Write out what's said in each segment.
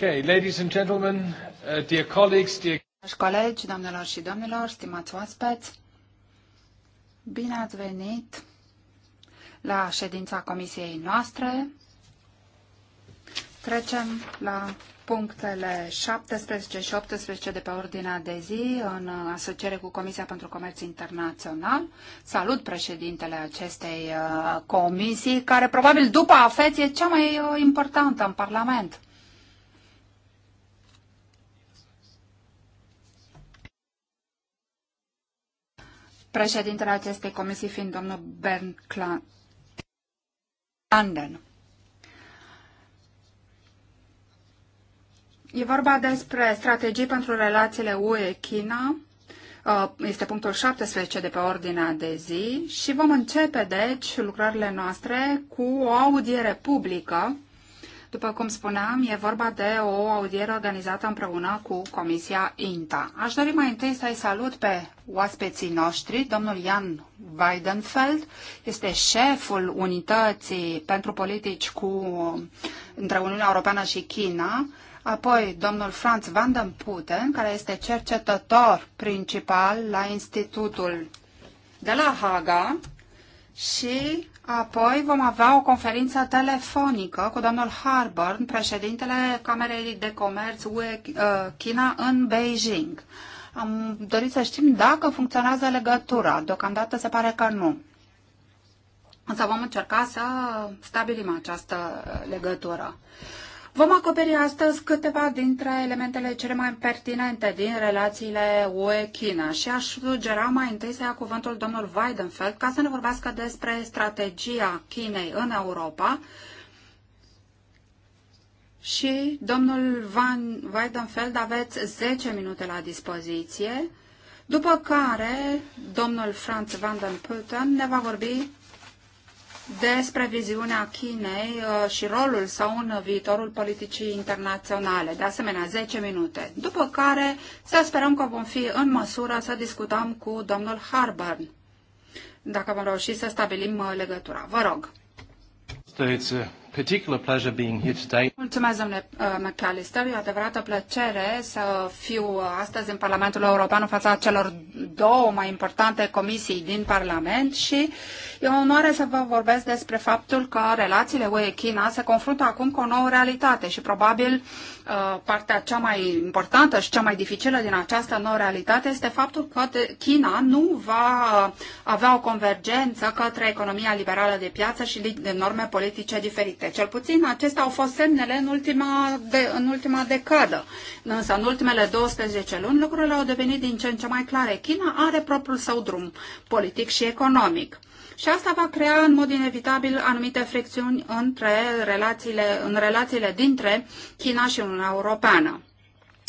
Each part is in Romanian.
Okay, ladies and gentlemen, uh, dear colleagues, dear... colegi, doamnelor și domnilor, stimați oaspeți, bine ați venit la ședința comisiei noastre. Trecem la punctele 17 și 18 de pe ordinea de zi în asociere cu Comisia pentru Comerț Internațional. Salut președintele acestei uh, comisii, care probabil după afeție e cea mai uh, importantă în Parlament. președintele acestei comisii fiind domnul Bernd Klanden. E vorba despre strategii pentru relațiile UE-China, uh, este punctul 17 de pe ordinea de zi și vom începe, deci, lucrările noastre cu o audiere publică după cum spuneam, e vorba de o audiere organizată împreună cu Comisia INTA. Aș dori mai întâi să-i salut pe oaspeții noștri. Domnul Jan Weidenfeld este șeful unității pentru politici cu, între Uniunea Europeană și China. Apoi, domnul Franz van den Putten, care este cercetător principal la Institutul de la Haga și Apoi vom avea o conferință telefonică cu domnul Harburn, președintele Camerei de Comerț UE uh, China în Beijing. Am dorit să știm dacă funcționează legătura. Deocamdată se pare că nu. Însă vom încerca să stabilim această legătură. Vom acoperi astăzi câteva dintre elementele cele mai pertinente din relațiile UE-China și aș sugera mai întâi să ia cuvântul domnul Weidenfeld ca să ne vorbească despre strategia Chinei în Europa și domnul Van Weidenfeld aveți 10 minute la dispoziție, după care domnul Franz van den Putten ne va vorbi despre viziunea Chinei uh, și rolul său în viitorul politicii internaționale, de asemenea 10 minute, după care să sperăm că vom fi în măsură să discutăm cu domnul Harburn, dacă vom reuși să stabilim uh, legătura. Vă rog! Mulțumesc, domnule uh, McAllister. E o adevărată plăcere să fiu astăzi în Parlamentul European în fața celor două mai importante comisii din Parlament și e o onoare să vă vorbesc despre faptul că relațiile UE-China se confruntă acum cu o nouă realitate și probabil uh, partea cea mai importantă și cea mai dificilă din această nouă realitate este faptul că China nu va uh, avea o convergență către economia liberală de piață și de norme politice diferite. Cel puțin acestea au fost semnele în ultima, de, în ultima decadă. Însă în ultimele 12 luni lucrurile au devenit din ce în ce mai clare. China China are propriul său drum politic și economic. Și asta va crea în mod inevitabil anumite fricțiuni între relațiile, în relațiile dintre China și Uniunea Europeană.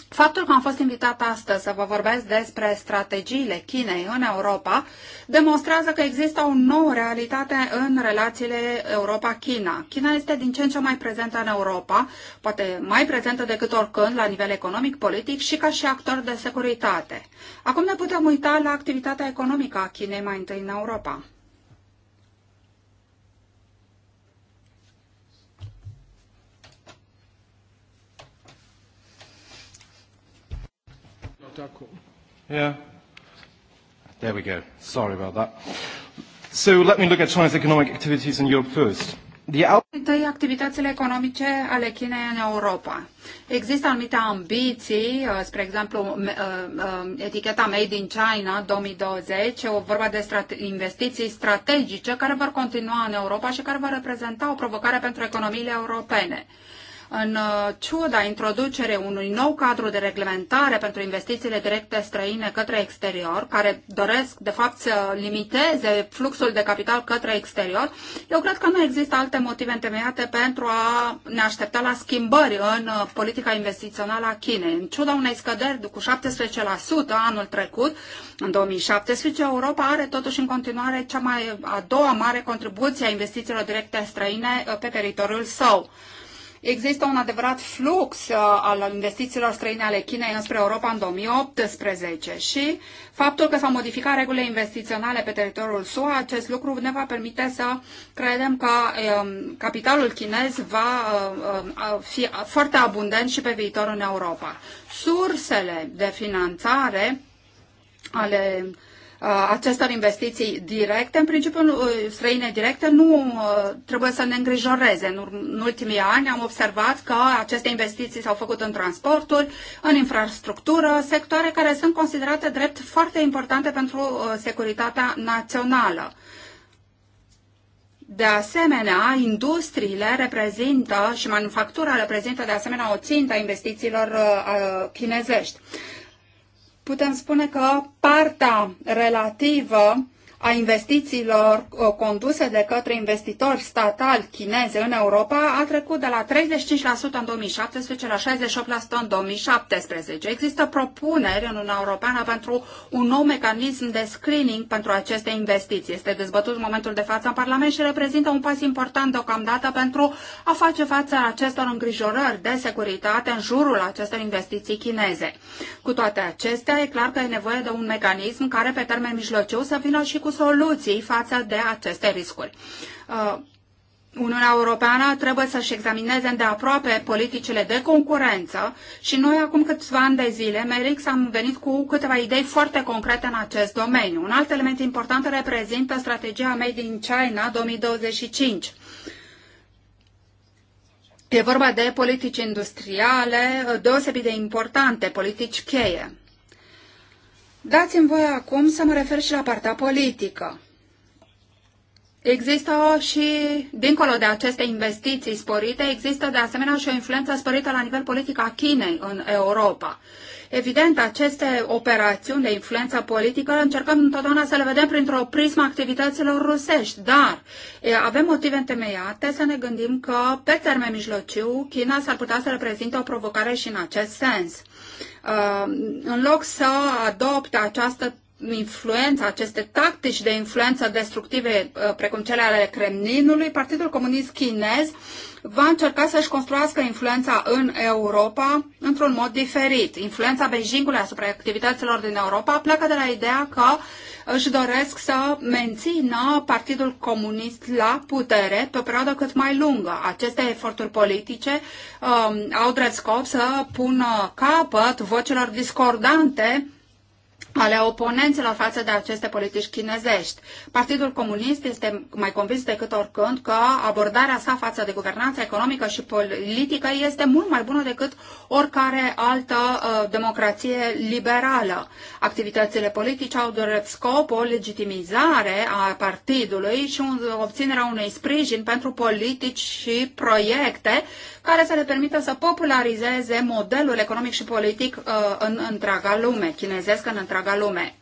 Faptul că am fost invitat astăzi să vă vorbesc despre strategiile Chinei în Europa demonstrează că există o nouă realitate în relațiile Europa-China. China este din ce în ce mai prezentă în Europa, poate mai prezentă decât oricând la nivel economic, politic și ca și actor de securitate. Acum ne putem uita la activitatea economică a Chinei mai întâi în Europa. da Yeah. There we go. Sorry about that. So let me look at China's economic activities in Europe first. Întâi activitățile economice ale Chinei în Europa. Există anumite ambiții, uh, spre exemplu uh, uh, eticheta Made in China 2020, o vorba de investiții strategice care vor continua în Europa și care vor reprezenta o provocare pentru economiile europene în uh, ciuda introducerii unui nou cadru de reglementare pentru investițiile directe străine către exterior, care doresc, de fapt, să limiteze fluxul de capital către exterior, eu cred că nu există alte motive întemeiate pentru a ne aștepta la schimbări în uh, politica investițională a Chinei. În ciuda unei scăderi cu 17% anul trecut, în 2017, Europa are totuși în continuare cea mai, a doua mare contribuție a investițiilor directe străine uh, pe teritoriul său. Există un adevărat flux uh, al investițiilor străine ale Chinei înspre Europa în 2018 și faptul că s-au modificat regulile investiționale pe teritoriul SUA, acest lucru ne va permite să credem că um, capitalul chinez va uh, uh, fi foarte abundent și pe viitor în Europa. Sursele de finanțare ale Uh, acestor investiții directe, în principiu uh, străine directe, nu uh, trebuie să ne îngrijoreze. În ultimii ani am observat că aceste investiții s-au făcut în transporturi, în infrastructură, sectoare care sunt considerate drept foarte importante pentru securitatea națională. De asemenea, industriile reprezintă și manufactura reprezintă de asemenea o țintă a investițiilor chinezești putem spune că partea relativă a investițiilor uh, conduse de către investitori statali chinezi în Europa a trecut de la 35% în 2017 la 68% în 2017. Există propuneri în Uniunea Europeană pentru un nou mecanism de screening pentru aceste investiții. Este dezbătut în momentul de față în Parlament și reprezintă un pas important deocamdată pentru a face față acestor îngrijorări de securitate în jurul acestor investiții chineze. Cu toate acestea, e clar că e nevoie de un mecanism care pe termen mijlociu să vină și cu cu soluții față de aceste riscuri. Uh, Uniunea Europeană trebuie să-și examineze aproape politicile de concurență și noi acum câțiva ani de zile, Merix, am venit cu câteva idei foarte concrete în acest domeniu. Un alt element important reprezintă strategia Made in China 2025. E vorba de politici industriale uh, deosebit de importante, politici cheie. Dați-mi voie acum să mă refer și la partea politică. Există și, dincolo de aceste investiții sporite, există de asemenea și o influență sporită la nivel politic a Chinei în Europa. Evident, aceste operațiuni de influență politică încercăm întotdeauna să le vedem printr-o prismă activităților rusești, dar avem motive întemeiate să ne gândim că, pe termen mijlociu, China s-ar putea să reprezinte o provocare și în acest sens. Uh, în loc să adopte această influență, aceste tactici de influență destructive, uh, precum cele ale Kremlinului, Partidul Comunist Chinez va încerca să-și construiască influența în Europa într-un mod diferit. Influența Beijingului asupra activităților din Europa pleacă de la ideea că își doresc să mențină Partidul Comunist la putere pe o perioadă cât mai lungă. Aceste eforturi politice um, au drept scop să pună capăt vocilor discordante ale oponenților față de aceste politici chinezești. Partidul Comunist este mai convins decât oricând că abordarea sa față de guvernanța economică și politică este mult mai bună decât oricare altă uh, democrație liberală. Activitățile politice au drept scop o legitimizare a partidului și un, obținerea unui sprijin pentru politici și proiecte care să le permită să popularizeze modelul economic și politic uh, în întreaga lume, chinezesc în întreaga întreaga lume.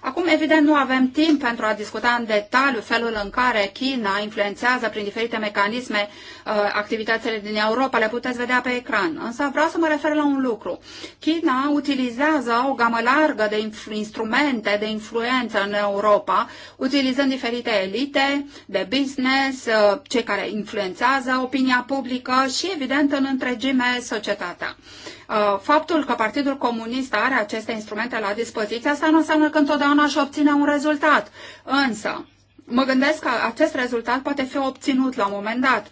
Acum, evident, nu avem timp pentru a discuta în detaliu felul în care China influențează prin diferite mecanisme Uh, activitățile din Europa, le puteți vedea pe ecran. Însă vreau să mă refer la un lucru. China utilizează o gamă largă de instrumente de influență în Europa, utilizând diferite elite de business, uh, cei care influențează opinia publică și, evident, în întregime societatea uh, faptul că Partidul Comunist are aceste instrumente la dispoziție, asta nu înseamnă că întotdeauna își obține un rezultat. Însă, Mă gândesc că acest rezultat poate fi obținut la un moment dat.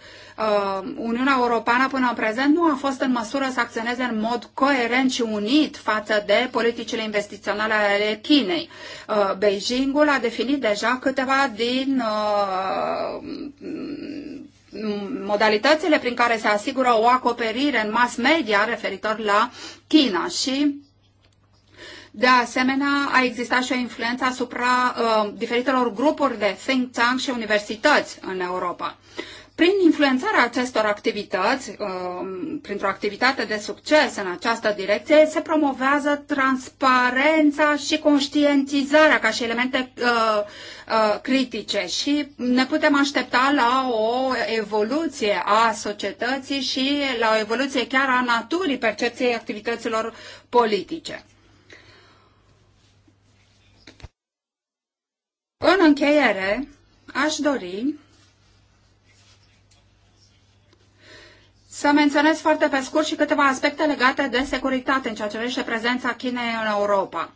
Uh, Uniunea Europeană până în prezent nu a fost în măsură să acționeze în mod coerent și unit față de politicile investiționale ale Chinei. Uh, Beijingul a definit deja câteva din uh, modalitățile prin care se asigură o acoperire în mass media referitor la China și de asemenea, a existat și o influență asupra uh, diferitelor grupuri de think tank și universități în Europa. Prin influențarea acestor activități, uh, printr-o activitate de succes în această direcție, se promovează transparența și conștientizarea ca și elemente uh, uh, critice și ne putem aștepta la o evoluție a societății și la o evoluție chiar a naturii percepției activităților politice. În încheiere, aș dori Să menționez foarte pe scurt și câteva aspecte legate de securitate în ceea ce privește prezența Chinei în Europa.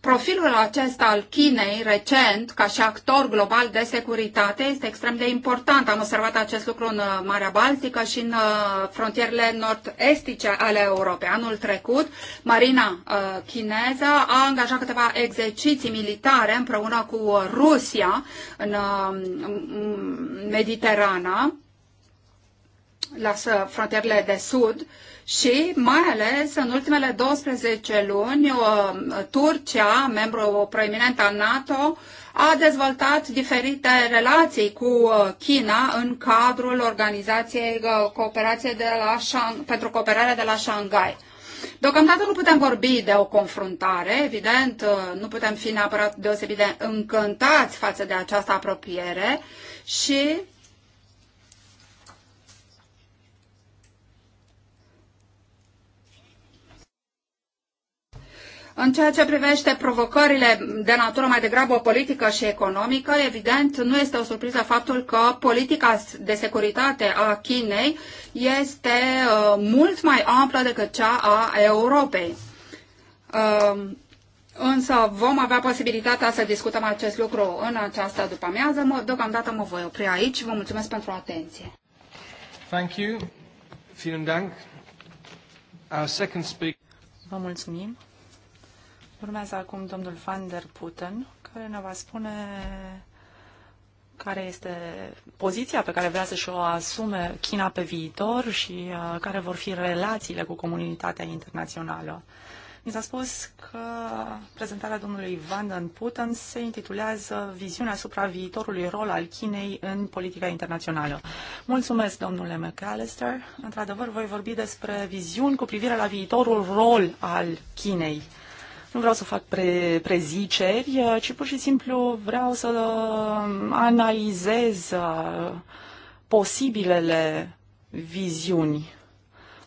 Profilul acesta al Chinei recent, ca și actor global de securitate, este extrem de important. Am observat acest lucru în uh, Marea Baltică și în uh, frontierele nord-estice ale Europei. Anul trecut, Marina uh, chineză a angajat câteva exerciții militare împreună cu Rusia în Mediterana, la frontierele de sud, și mai ales în ultimele 12 luni uh, Turcia, membru proeminent al NATO, a dezvoltat diferite relații cu uh, China în cadrul organizației uh, cooperației de la, pentru cooperare de la Shanghai. Deocamdată nu putem vorbi de o confruntare, evident, nu putem fi neapărat deosebit de încântați față de această apropiere și În ceea ce privește provocările de natură mai degrabă politică și economică, evident, nu este o surpriză faptul că politica de securitate a Chinei este uh, mult mai amplă decât cea a Europei. Uh, însă vom avea posibilitatea să discutăm acest lucru în această după-amiază. deocamdată mă voi opri aici. Vă mulțumesc pentru atenție. Thank you. Vielen Dank. Our second speaker. Vă mulțumim. Urmează acum domnul Van der Putten, care ne va spune care este poziția pe care vrea să-și o asume China pe viitor și uh, care vor fi relațiile cu comunitatea internațională. Mi s-a spus că prezentarea domnului Van den Putten se intitulează Viziunea asupra viitorului rol al Chinei în politica internațională. Mulțumesc, domnule McAllister. Într-adevăr, voi vorbi despre viziuni cu privire la viitorul rol al Chinei nu vreau să fac pre- preziceri, ci pur și simplu vreau să analizez uh, posibilele viziuni,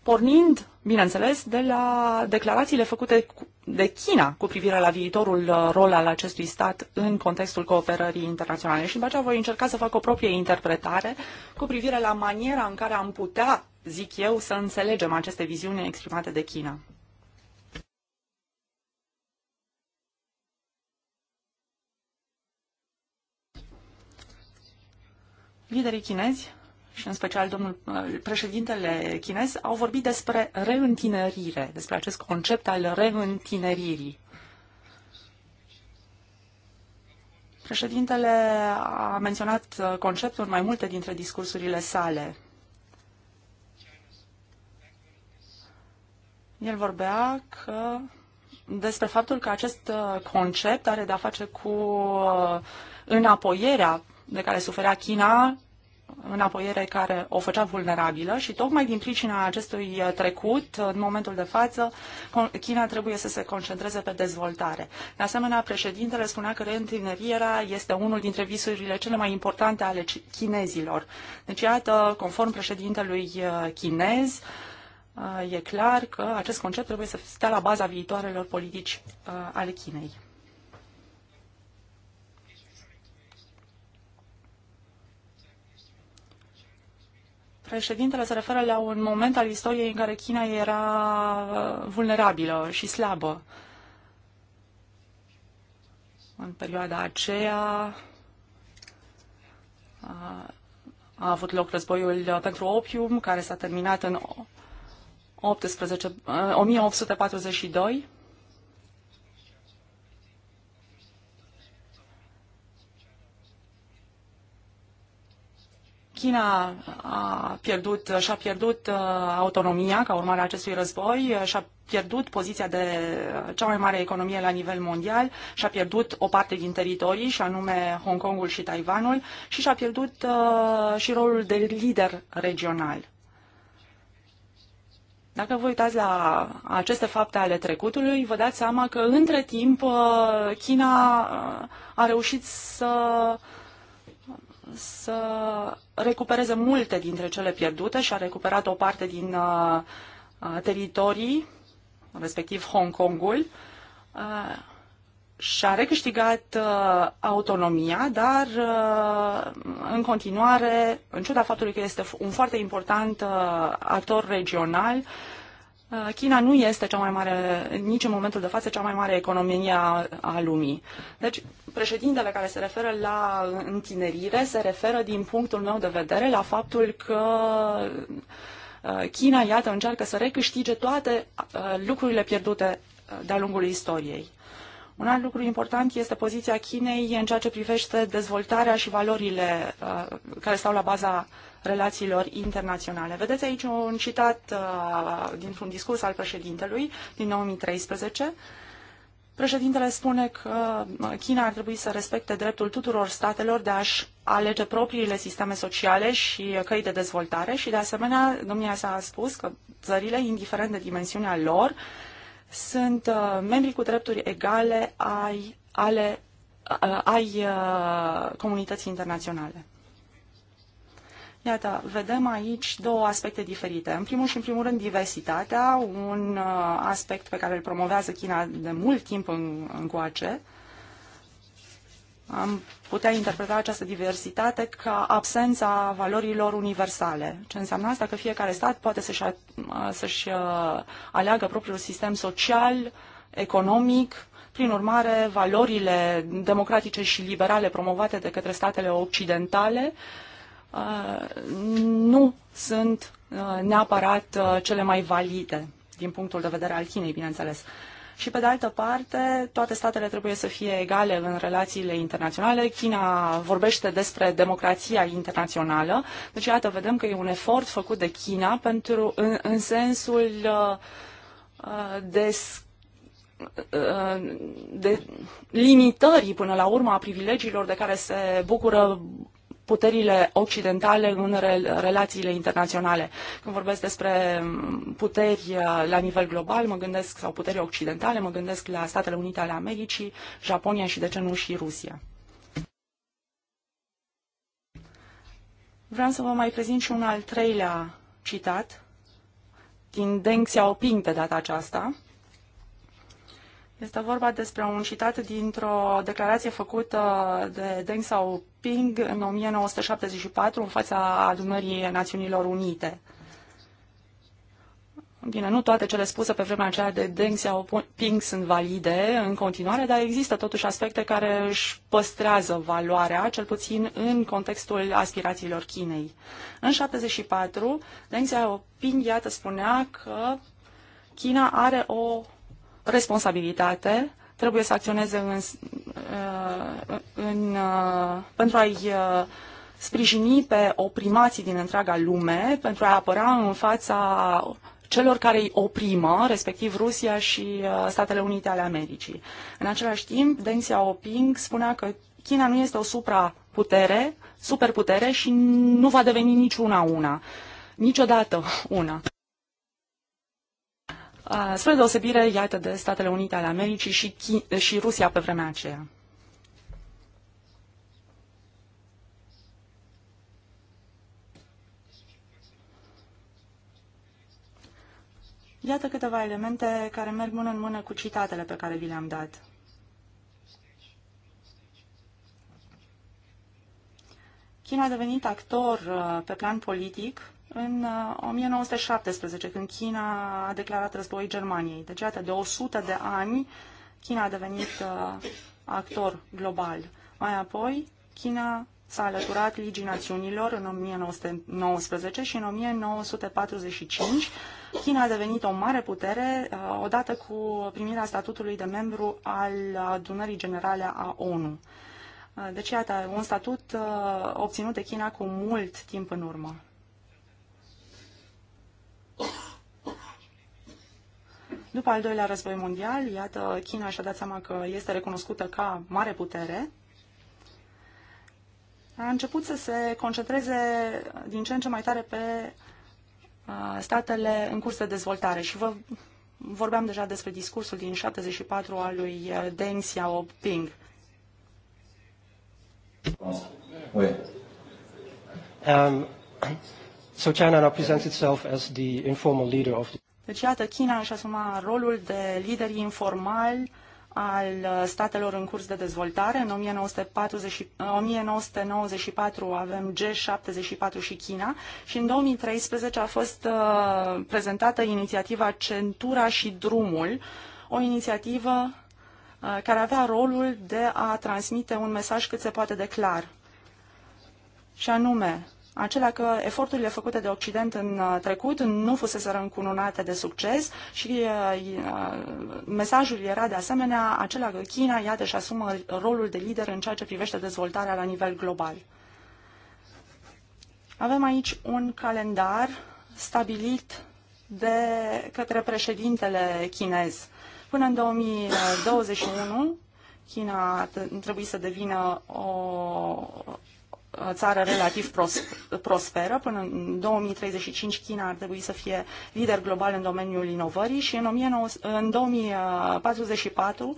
pornind, bineînțeles, de la declarațiile făcute de China cu privire la viitorul uh, rol al acestui stat în contextul cooperării internaționale. Și după aceea voi încerca să fac o proprie interpretare cu privire la maniera în care am putea, zic eu, să înțelegem aceste viziuni exprimate de China. Liderii chinezi și în special domnul uh, președintele chinez au vorbit despre reîntinerire, despre acest concept al reîntineririi. Președintele a menționat uh, conceptul mai multe dintre discursurile sale. El vorbea că despre faptul că acest uh, concept are de-a face cu înapoierea de care suferea China, înapoiere care o făcea vulnerabilă și tocmai din pricina acestui trecut, în momentul de față, China trebuie să se concentreze pe dezvoltare. De asemenea, președintele spunea că reîntineria este unul dintre visurile cele mai importante ale chinezilor. Deci, iată, conform președintelui uh, chinez, uh, e clar că acest concept trebuie să stea la baza viitoarelor politici uh, ale Chinei. președintele se referă la un moment al istoriei în care China era uh, vulnerabilă și slabă. În perioada aceea uh, a avut loc războiul pentru opium, care s-a terminat în 18, 1842 China a pierdut, și-a pierdut uh, autonomia ca urmare a acestui război, și-a pierdut poziția de cea mai mare economie la nivel mondial, și-a pierdut o parte din teritorii, și anume Hong Kongul și Taiwanul, și și-a pierdut uh, și rolul de lider regional. Dacă vă uitați la aceste fapte ale trecutului, vă dați seama că între timp uh, China a reușit să să recupereze multe dintre cele pierdute și a recuperat o parte din uh, uh, teritorii, respectiv Hong Kongul, uh, și-a recâștigat autonomia, dar în continuare, în ciuda faptului că este un foarte important actor regional, Uh, China nu este cea mai mare, nici în momentul de față, cea mai mare economie a, a lumii. Deci, președintele care se referă la întinerire se referă, din punctul meu de vedere, la faptul că uh, China, iată, încearcă să recâștige toate uh, lucrurile pierdute de-a lungul istoriei. Un alt lucru important este poziția Chinei în ceea ce privește dezvoltarea și valorile care stau la baza relațiilor internaționale. Vedeți aici un citat uh, dintr-un discurs al președintelui din 2013. Președintele spune că uh, China ar trebui să respecte dreptul tuturor statelor de a-și alege propriile sisteme sociale și căi de dezvoltare și, de asemenea, domnia s a spus că țările, indiferent de dimensiunea lor, sunt uh, membri cu drepturi egale ai, ale, ai comunității internaționale. Iată, vedem aici două aspecte diferite. În primul și în primul rând diversitatea, un uh, aspect pe care îl promovează China de mult timp în, încoace. Am putea interpreta această diversitate ca absența valorilor universale. Ce înseamnă asta? Că fiecare stat poate să-și, uh, să-și uh, aleagă propriul sistem social, economic, prin urmare, valorile democratice și liberale promovate de către statele occidentale uh, Uh, nu sunt uh, neapărat uh, cele mai valide din punctul de vedere al Chinei, bineînțeles. Și pe de altă parte, toate statele trebuie să fie egale în relațiile internaționale. China vorbește despre democrația internațională. Deci, iată, vedem că e un efort făcut de China pentru, în, în sensul uh, de, uh, de limitării, până la urmă, a privilegiilor de care se bucură puterile occidentale în relațiile internaționale. Când vorbesc despre mm, puteri uh, la nivel global, mă gândesc, sau puteri occidentale, mă gândesc la Statele Unite ale Americii, Japonia și, de ce nu, și Rusia. Vreau să vă mai prezint și un al treilea citat din Deng Xiaoping de data aceasta. Este vorba despre un citat dintr-o declarație făcută de Deng Xiaoping în 1974 în fața adunării Națiunilor Unite. Bine, nu toate cele spuse pe vremea aceea de Deng Xiaoping sunt valide în continuare, dar există totuși aspecte care își păstrează valoarea, cel puțin în contextul aspirațiilor Chinei. În 74, Deng Xiaoping, iată, spunea că China are o responsabilitate, trebuie să acționeze în, uh, în, uh, pentru a-i uh, sprijini pe oprimații din întreaga lume, pentru a apăra în fața celor care îi oprimă, respectiv Rusia și Statele Unite ale Americii. În același timp, Deng Xiaoping spunea că China nu este o supraputere, superputere și nu va deveni niciuna una. Niciodată una spre deosebire, iată, de Statele Unite ale Americii și, Chi- și Rusia pe vremea aceea. Iată câteva elemente care merg mână în mână cu citatele pe care vi le-am dat. China a devenit actor uh, pe plan politic în 1917, uh, când China a declarat război Germaniei. Deci, iată, de 100 de ani, China a devenit uh, actor global. Mai apoi, China s-a alăturat Ligii Națiunilor în 1919 și în 1945 China a devenit o mare putere uh, odată cu primirea statutului de membru al adunării generale a ONU. Uh, deci, iată, un statut uh, obținut de China cu mult timp în urmă. După al doilea război mondial, iată, China și-a dat seama că este recunoscută ca mare putere. A început să se concentreze din ce în ce mai tare pe uh, statele în curs de dezvoltare și vă vorbeam deja despre discursul din 74 al lui uh, Deng Xiaoping. Um, so China now presents itself as the informal leader of the deci, iată, China își asuma rolul de lider informal al uh, statelor în curs de dezvoltare. În 1940, 1994 uh, avem G74 și China și în 2013 a fost uh, prezentată inițiativa Centura și Drumul, o inițiativă uh, care avea rolul de a transmite un mesaj cât se poate de clar. Și anume, acela că eforturile făcute de Occident în uh, trecut nu fusese încununate de succes și uh, uh, mesajul era de asemenea acela că China, iată, și asumă rolul de lider în ceea ce privește dezvoltarea la nivel global. Avem aici un calendar stabilit de către președintele chinez. Până în 2021, China trebuie să devină o, țară relativ prosperă. Până în 2035 China ar trebui să fie lider global în domeniul inovării și în 2044 uh,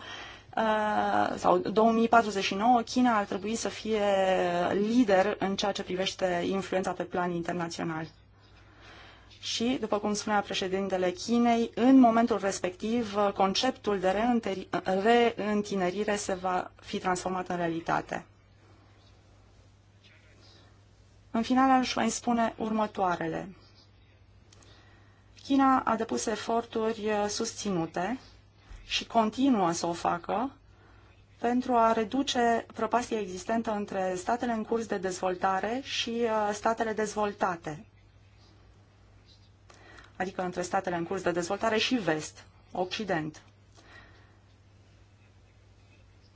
sau 2049 China ar trebui să fie lider în ceea ce privește influența pe plan internațional. Și, după cum spunea președintele Chinei, în momentul respectiv conceptul de reîntinerire se va fi transformat în realitate. În final, aș mai spune următoarele. China a depus eforturi eh, susținute și continuă să o facă pentru a reduce prăpastia existentă între statele în curs de dezvoltare și eh, statele dezvoltate, adică între statele în curs de dezvoltare și vest, Occident.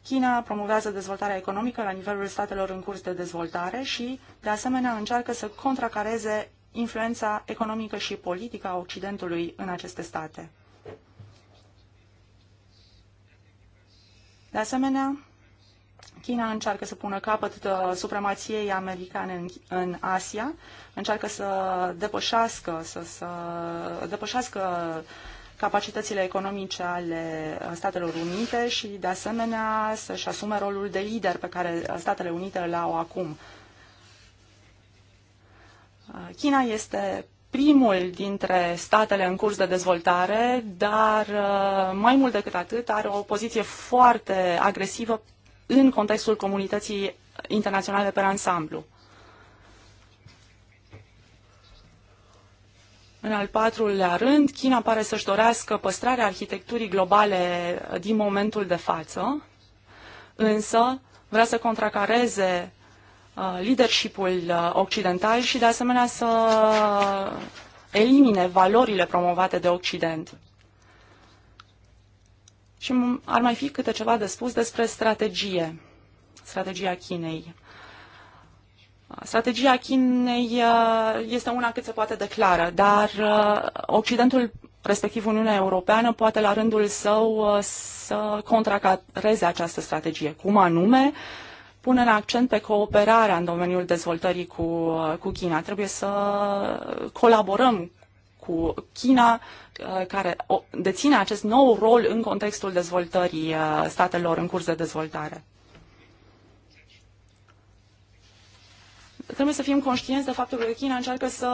China promovează dezvoltarea economică la nivelul statelor în curs de dezvoltare și, de asemenea, încearcă să contracareze influența economică și politică a Occidentului în aceste state. De asemenea, China încearcă să pună capăt uh, supremației americane în, în Asia, încearcă să depășească, să, să depășească uh, capacitățile economice ale Statelor Unite și, de asemenea, să-și asume rolul de lider pe care Statele Unite îl au acum. China este primul dintre statele în curs de dezvoltare, dar uh, mai mult decât atât are o poziție foarte agresivă în contextul comunității internaționale pe ansamblu. În al patrulea rând, China pare să-și dorească păstrarea arhitecturii globale din momentul de față, însă vrea să contracareze uh, leadership-ul uh, occidental și de asemenea să elimine valorile promovate de Occident. Și ar mai fi câte ceva de spus despre strategie, strategia Chinei. Strategia Chinei uh, este una cât se poate declară, dar uh, Occidentul, respectiv Uniunea Europeană, poate la rândul său uh, să contracareze această strategie. Cum anume? pune în accent pe cooperarea în domeniul dezvoltării cu, cu China. Trebuie să colaborăm cu China, care deține acest nou rol în contextul dezvoltării statelor în curs de dezvoltare. trebuie să fim conștienți de faptul că China încearcă să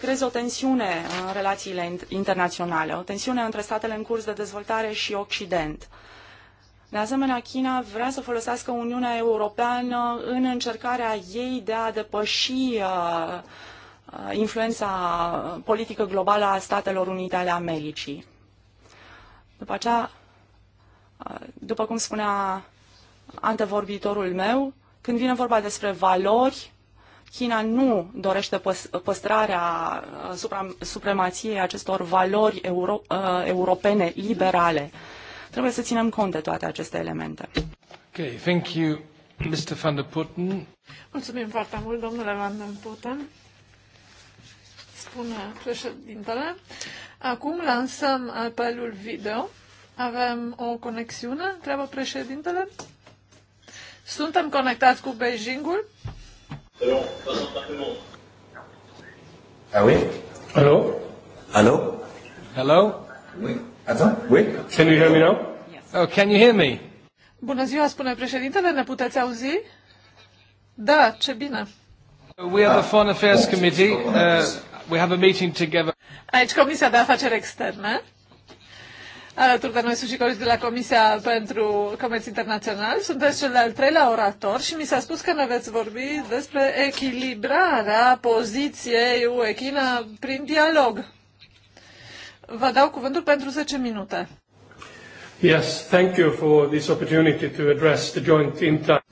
creeze o tensiune în relațiile internaționale, o tensiune între statele în curs de dezvoltare și Occident. De asemenea, China vrea să folosească Uniunea Europeană în încercarea ei de a depăși uh, uh, influența politică globală a Statelor Unite ale Americii. După aceea, uh, după cum spunea antevorbitorul meu, când vine vorba despre valori, China nu dorește păstrarea uh, supremației acestor valori euro, uh, europene liberale. Trebuie să ținem cont de toate aceste elemente. Okay, thank you, Mr. Van der Putten. Mulțumim foarte mult, domnule Van der Putten, spune președintele. Acum lansăm apelul video. Avem o conexiune, întreabă președintele. Suntem conectați cu Beijingul. Ah oui Allô Allô Hello? Oui. Attends, oui? Can you hear me now? Yes. Oh, can you hear me? Bună ziua, spune președintele, ne puteți auzi? Da, ce bine. We are the Foreign Affairs Committee. Uh, we have a meeting together. Aici Comisia de Afaceri Externe alături de noi sunt și colegi de la Comisia pentru Comerț Internațional. Sunteți cel de-al treilea orator și mi s-a spus că ne veți vorbi despre echilibrarea poziției UE-China prin dialog. Vă dau cuvântul pentru 10 minute. Yes, thank you for this opportunity to address the joint inter.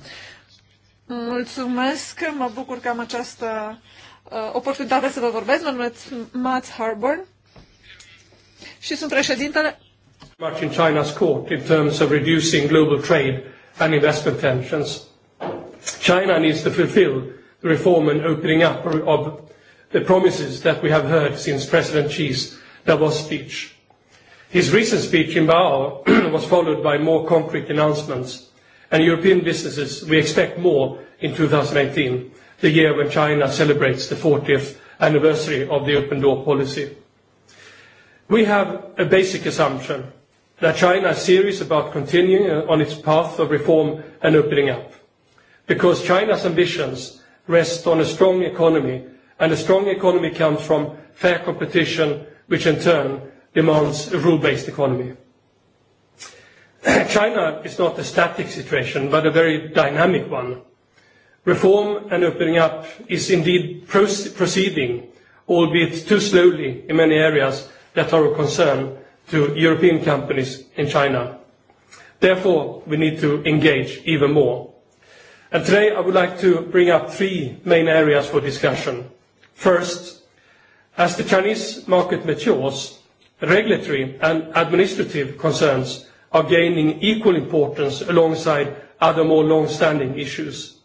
Mulțumesc, mă bucur că am această uh, oportunitate să vă vorbesc. Mă numesc Matt Harburn și sunt președintele Much in China's court in terms of reducing global trade and investment tensions. China needs to fulfill the reform and opening up of the promises that we have heard since President Xi's Davos speech. His recent speech in Baar was followed by more concrete announcements, and European businesses, we expect more in 2018, the year when China celebrates the 40th anniversary of the open door policy. We have a basic assumption that China is serious about continuing uh, on its path of reform and opening up, because China's ambitions rest on a strong economy, and a strong economy comes from fair competition, which in turn demands a rule-based economy. China is not a static situation, but a very dynamic one. Reform and opening up is indeed proceeding, albeit too slowly in many areas, that are of concern to European companies in China. Therefore, we need to engage even more. And Today, I would like to bring up three main areas for discussion. First, as the Chinese market matures, regulatory and administrative concerns are gaining equal importance alongside other more long-standing issues.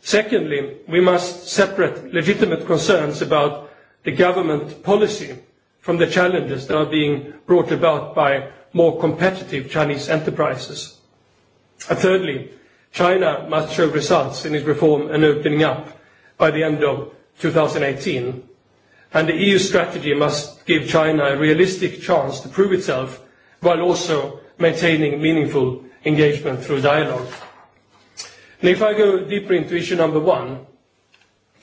Secondly, we must separate legitimate concerns about the government policy from the challenges that are being brought about by more competitive Chinese enterprises. And thirdly, China must show results in its reform and opening up by the end of 2018, and the EU strategy must give China a realistic chance to prove itself while also maintaining meaningful engagement through dialogue. And if I go deeper into issue number one,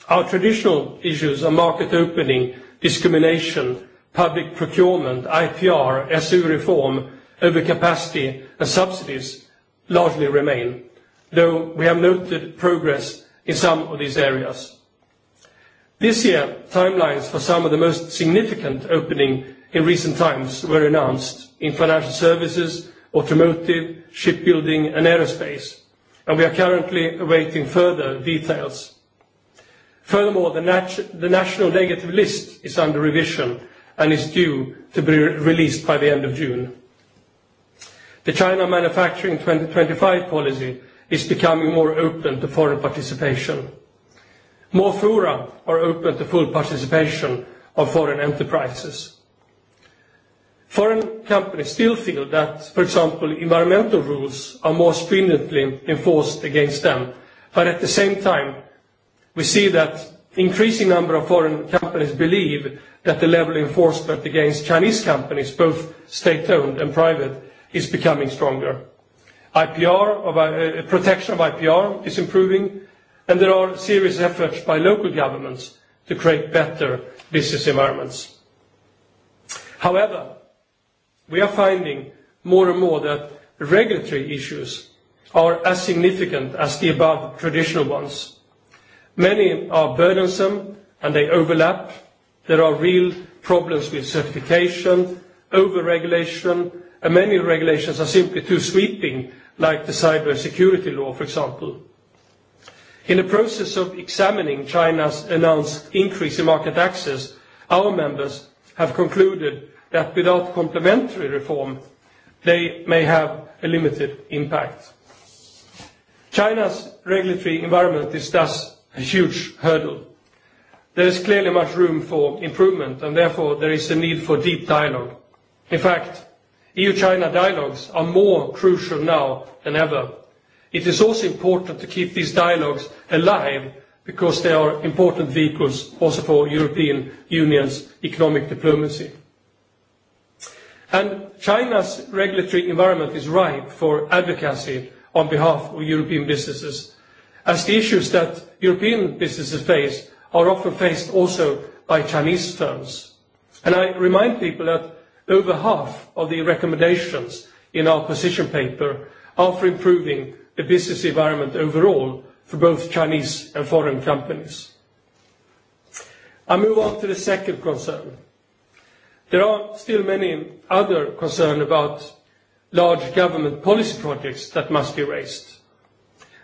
our traditional issues are market opening, discrimination, public procurement, IPR, SU reform, overcapacity, and subsidies largely remain, though we have noted progress in some of these areas. This year, timelines for some of the most significant opening in recent times were announced in financial services, automotive, shipbuilding, and aerospace, and we are currently awaiting further details. Furthermore, the, nat the national negative list is under revision, and is due to be released by the end of June. The China Manufacturing 2025 policy is becoming more open to foreign participation. More fora are open to full participation of foreign enterprises. Foreign companies still feel that, for example, environmental rules are more stringently enforced against them. But at the same time, we see that increasing number of foreign companies believe that the level of enforcement against Chinese companies, both state-owned and private, is becoming stronger. IPR of, uh, uh, protection of IPR is improving, and there are serious efforts by local governments to create better business environments. However, we are finding more and more that regulatory issues are as significant as the above traditional ones Many are burdensome and they overlap. There are real problems with certification, over-regulation, and many regulations are simply too sweeping, like the cybersecurity law, for example. In the process of examining China's announced increase in market access, our members have concluded that without complementary reform, they may have a limited impact. China's regulatory environment is thus a huge hurdle. There is clearly much room for improvement, and therefore there is a need for deep dialogue. In fact, EU-China dialogues are more crucial now than ever. It is also important to keep these dialogues alive because they are important vehicles also for European Union's economic diplomacy. And China's regulatory environment is ripe for advocacy on behalf of European businesses, as the issues that European businesses face are often faced also by Chinese firms. And I remind people that over half of the recommendations in our position paper are for improving the business environment overall for both Chinese and foreign companies. I move on to the second concern. There are still many other concerns about large government policy projects that must be raised.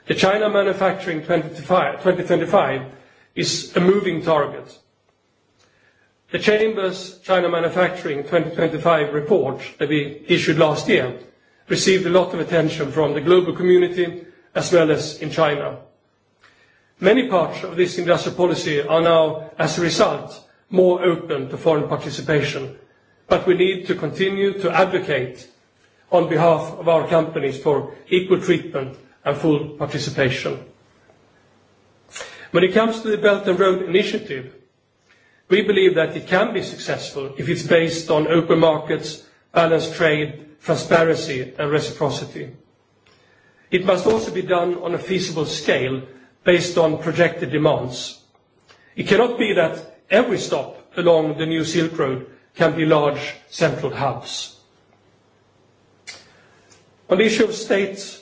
The China Manufacturing 2025 is a moving target. The Chamber's China Manufacturing 2025 report that we issued last year received a lot of attention from the global community as well as in China. Many parts of this industrial policy are now, as a result, more open to foreign participation, but we need to continue to advocate on behalf of our companies for equal treatment and full participation. When it comes to the Belt and Road Initiative, we believe that it can be successful if it's based on open markets, balanced trade, transparency, and reciprocity. It must also be done on a feasible scale based on projected demands. It cannot be that every stop along the new Silk Road can be large central hubs. On the issue of states.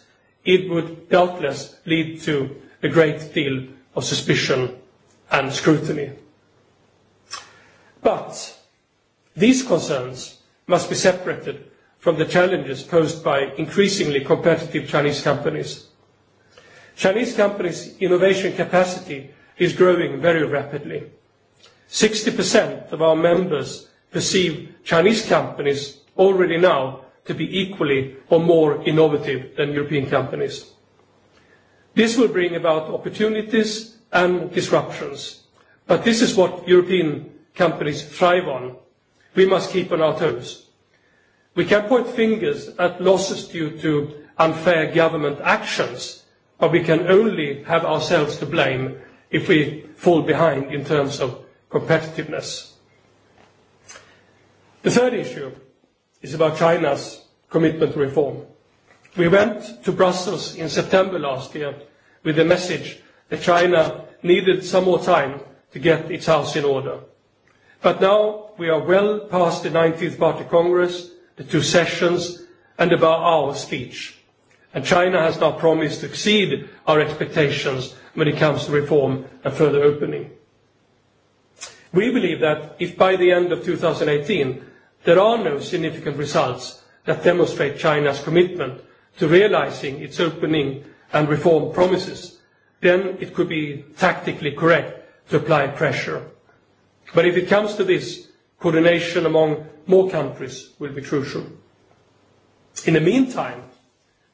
it would doubtless lead to a great deal of suspicion and scrutiny. But these concerns must be separated from the challenges posed by increasingly competitive Chinese companies. Chinese companies' innovation capacity is growing very rapidly. 60% of our members perceive Chinese companies already now to be equally or more innovative than European companies. This will bring about opportunities and disruptions, but this is what European companies thrive on. We must keep on our toes. We can point fingers at losses due to unfair government actions, but we can only have ourselves to blame if we fall behind in terms of competitiveness. The third issue is about China's commitment reform. We went to Brussels in September last year with the message that China needed some more time to get its house in order. But now we are well past the 19th Party Congress, the two sessions, and about our speech. And China has now promised to exceed our expectations when it comes to reform and further opening. We believe that if by the end of 2018 there are no significant results that demonstrate China's commitment to realizing its opening and reform promises, then it could be tactically correct to apply pressure. But if it comes to this, coordination among more countries will be crucial. In the meantime,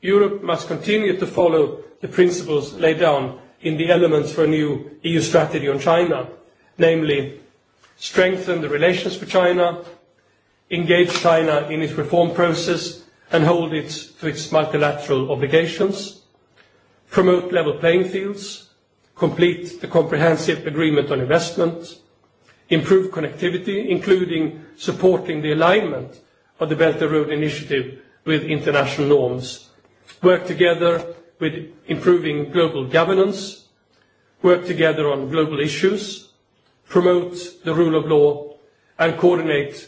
Europe must continue to follow the principles laid down in the elements for a new EU strategy on China, namely strengthen the relations with China, engage China in its reform process and hold it to its multilateral obligations, promote level playing fields, complete the comprehensive agreement on investment, improve connectivity, including supporting the alignment of the Belt and Road Initiative with international norms, work together with improving global governance, work together on global issues, promote the rule of law, and coordinate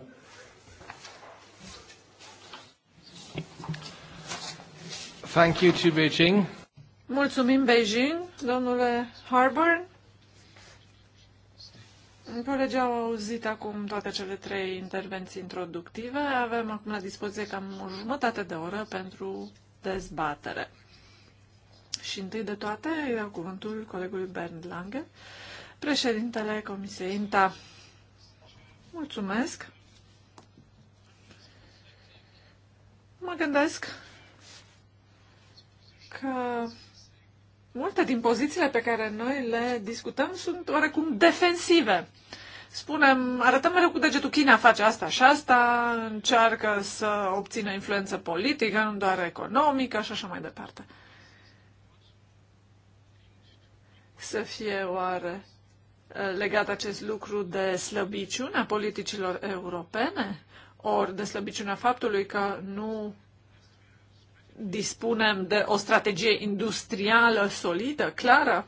Thank you to Beijing. Mulțumim, Beijing, domnule Harbour. Colegii au auzit acum toate cele trei intervenții introductive. Avem acum la dispoziție cam o jumătate de oră pentru dezbatere. Și întâi de toate, îi cuvântul colegului Bernd Lange, președintele Comisiei INTA. Mulțumesc! Mă gândesc că multe din pozițiile pe care noi le discutăm sunt oarecum defensive. Spunem, arătăm mereu cu degetul, China face asta și asta, încearcă să obțină influență politică, nu doar economică și așa mai departe. Să fie oare legat acest lucru de slăbiciunea politicilor europene, ori de slăbiciunea faptului că nu dispunem de o strategie industrială solidă, clară?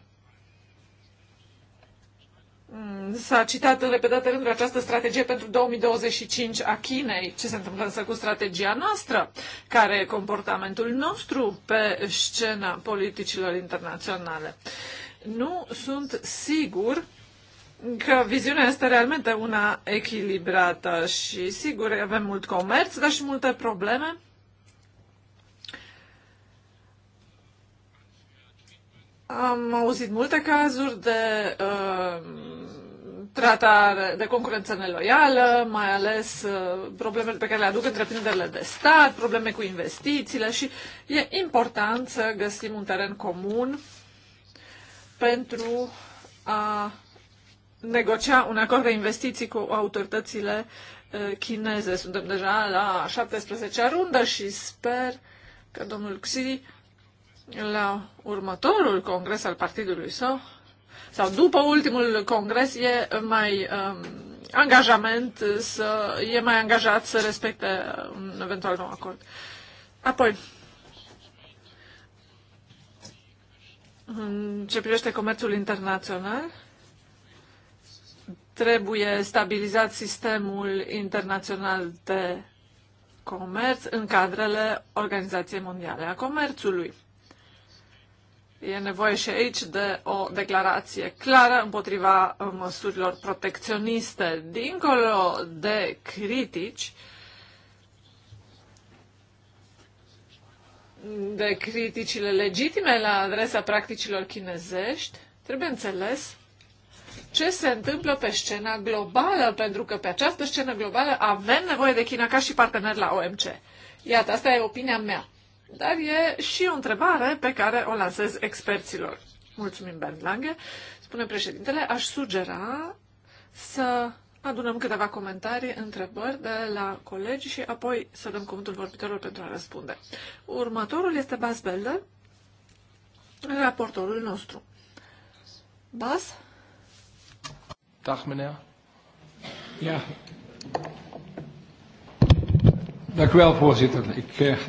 Mm, s-a citat în repetate rânduri această strategie pentru 2025 a Chinei. Ce se întâmplă însă cu strategia noastră? Care e comportamentul nostru pe scena politicilor internaționale? Nu sunt sigur că viziunea este realmente una echilibrată și sigur avem mult comerț, dar și multe probleme Am auzit multe cazuri de uh, tratare, de concurență neloială, mai ales uh, problemele pe care le aduc întreprinderile de stat, probleme cu investițiile și e important să găsim un teren comun pentru a negocia un acord de investiții cu autoritățile uh, chineze. Suntem deja la 17-a rundă și sper că domnul Xi la următorul congres al partidului său, sau după ultimul congres, e mai um, angajament, să, e mai angajat să respecte un eventual nou acord. Apoi, în ce privește comerțul internațional, trebuie stabilizat sistemul internațional de comerț în cadrele Organizației Mondiale a Comerțului. E nevoie și aici de o declarație clară împotriva uh, măsurilor protecționiste, dincolo de critici, de criticile legitime la adresa practicilor chinezești, trebuie înțeles ce se întâmplă pe scena globală, pentru că pe această scenă globală avem nevoie de China ca și partener la OMC. Iată, asta e opinia mea. Dar e și o întrebare pe care o lansez experților. Mulțumim, Bernd Lange. Spune președintele, aș sugera să adunăm câteva comentarii, întrebări de la colegi și apoi să dăm cuvântul vorbitorilor pentru a răspunde. Următorul este Bas Belder, raportorul nostru. Bas? Da, mine. Ja. Dank u wel, voorzitter. Ik, uh...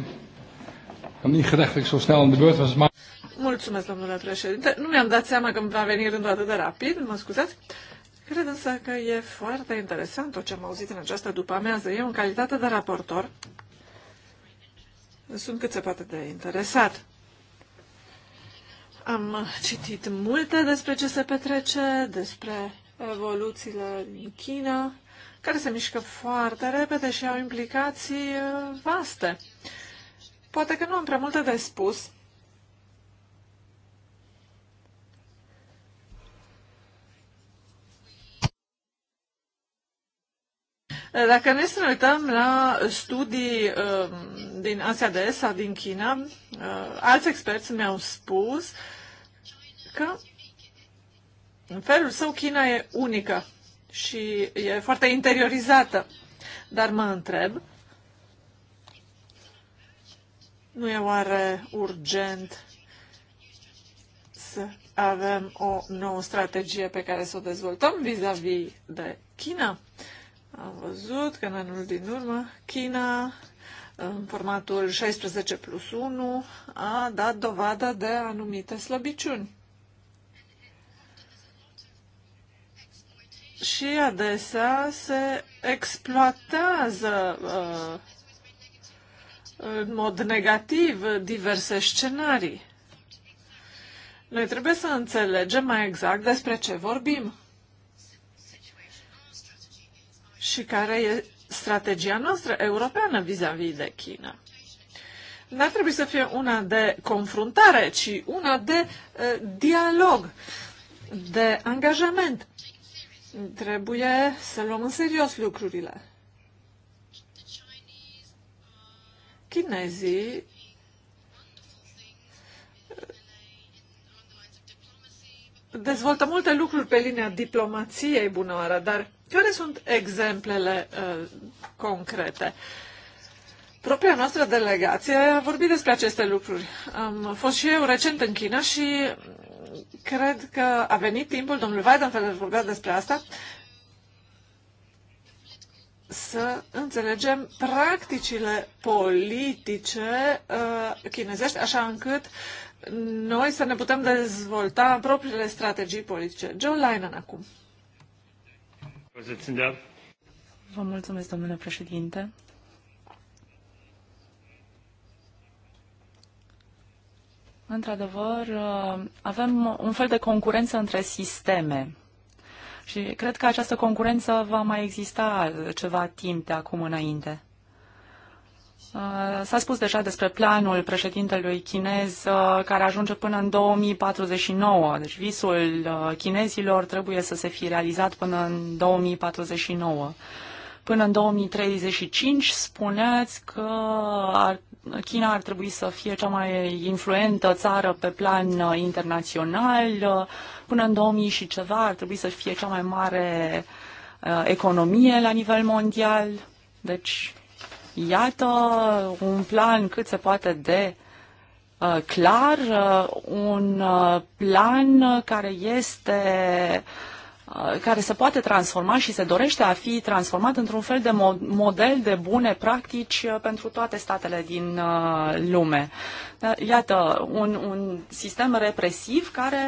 Mulțumesc, domnule președinte. Nu mi-am dat seama că îmi va veni rândul atât de rapid, mă scuzați. Cred însă că e foarte interesant tot ce am auzit în această după-amiază. Eu, în calitate de raportor, sunt cât se poate de interesat. Am citit multe despre ce se petrece, despre evoluțiile din China, care se mișcă foarte repede și au implicații uh, vaste Poate că nu am prea multe de spus. Dacă ne să ne uităm la studii uh, din Asia de Est sau din China, uh, alți experți mi-au spus că în felul său China e unică și e foarte interiorizată. Dar mă întreb nu e oare urgent să avem o nouă strategie pe care să o dezvoltăm vis-a-vis -vis de China? Am văzut că în anul din urmă China, în formatul 16 plus 1, a dat dovadă de anumite slăbiciuni. Și adesea se exploatează uh, în mod negativ diverse scenarii. Noi trebuie să înțelegem mai exact despre ce vorbim și care e strategia noastră europeană vis-a-vis -vis de China. Nu ar trebui să fie una de confruntare, ci una de uh, dialog, de angajament. Trebuie să luăm în serios lucrurile. chinezii dezvoltă multe lucruri pe linia diplomației bunăoară, dar care sunt exemplele uh, concrete? Propria noastră delegație a vorbit despre aceste lucruri. Am fost și eu recent în China și cred că a venit timpul, domnul Weidenfeld vorbea despre asta, să înțelegem practicile politice uh, chinezești, așa încât noi să ne putem dezvolta propriile strategii politice. John Lennon acum. Vă mulțumesc, domnule președinte. Într-adevăr, uh, avem un fel de concurență între sisteme și cred că această concurență va mai exista ceva timp de acum înainte. Uh, s-a spus deja despre planul președintelui chinez uh, care ajunge până în 2049. Deci visul uh, chinezilor trebuie să se fi realizat până în 2049. Până în 2035 spuneați că ar China ar trebui să fie cea mai influentă țară pe plan uh, internațional. Uh, până în 2000 și ceva ar trebui să fie cea mai mare uh, economie la nivel mondial. Deci, iată un plan cât se poate de clar, un plan care este Uh, care se poate transforma și se dorește a fi transformat într-un fel de model de bune practici uh, pentru toate statele din uh, lume. Iată, un, un sistem represiv care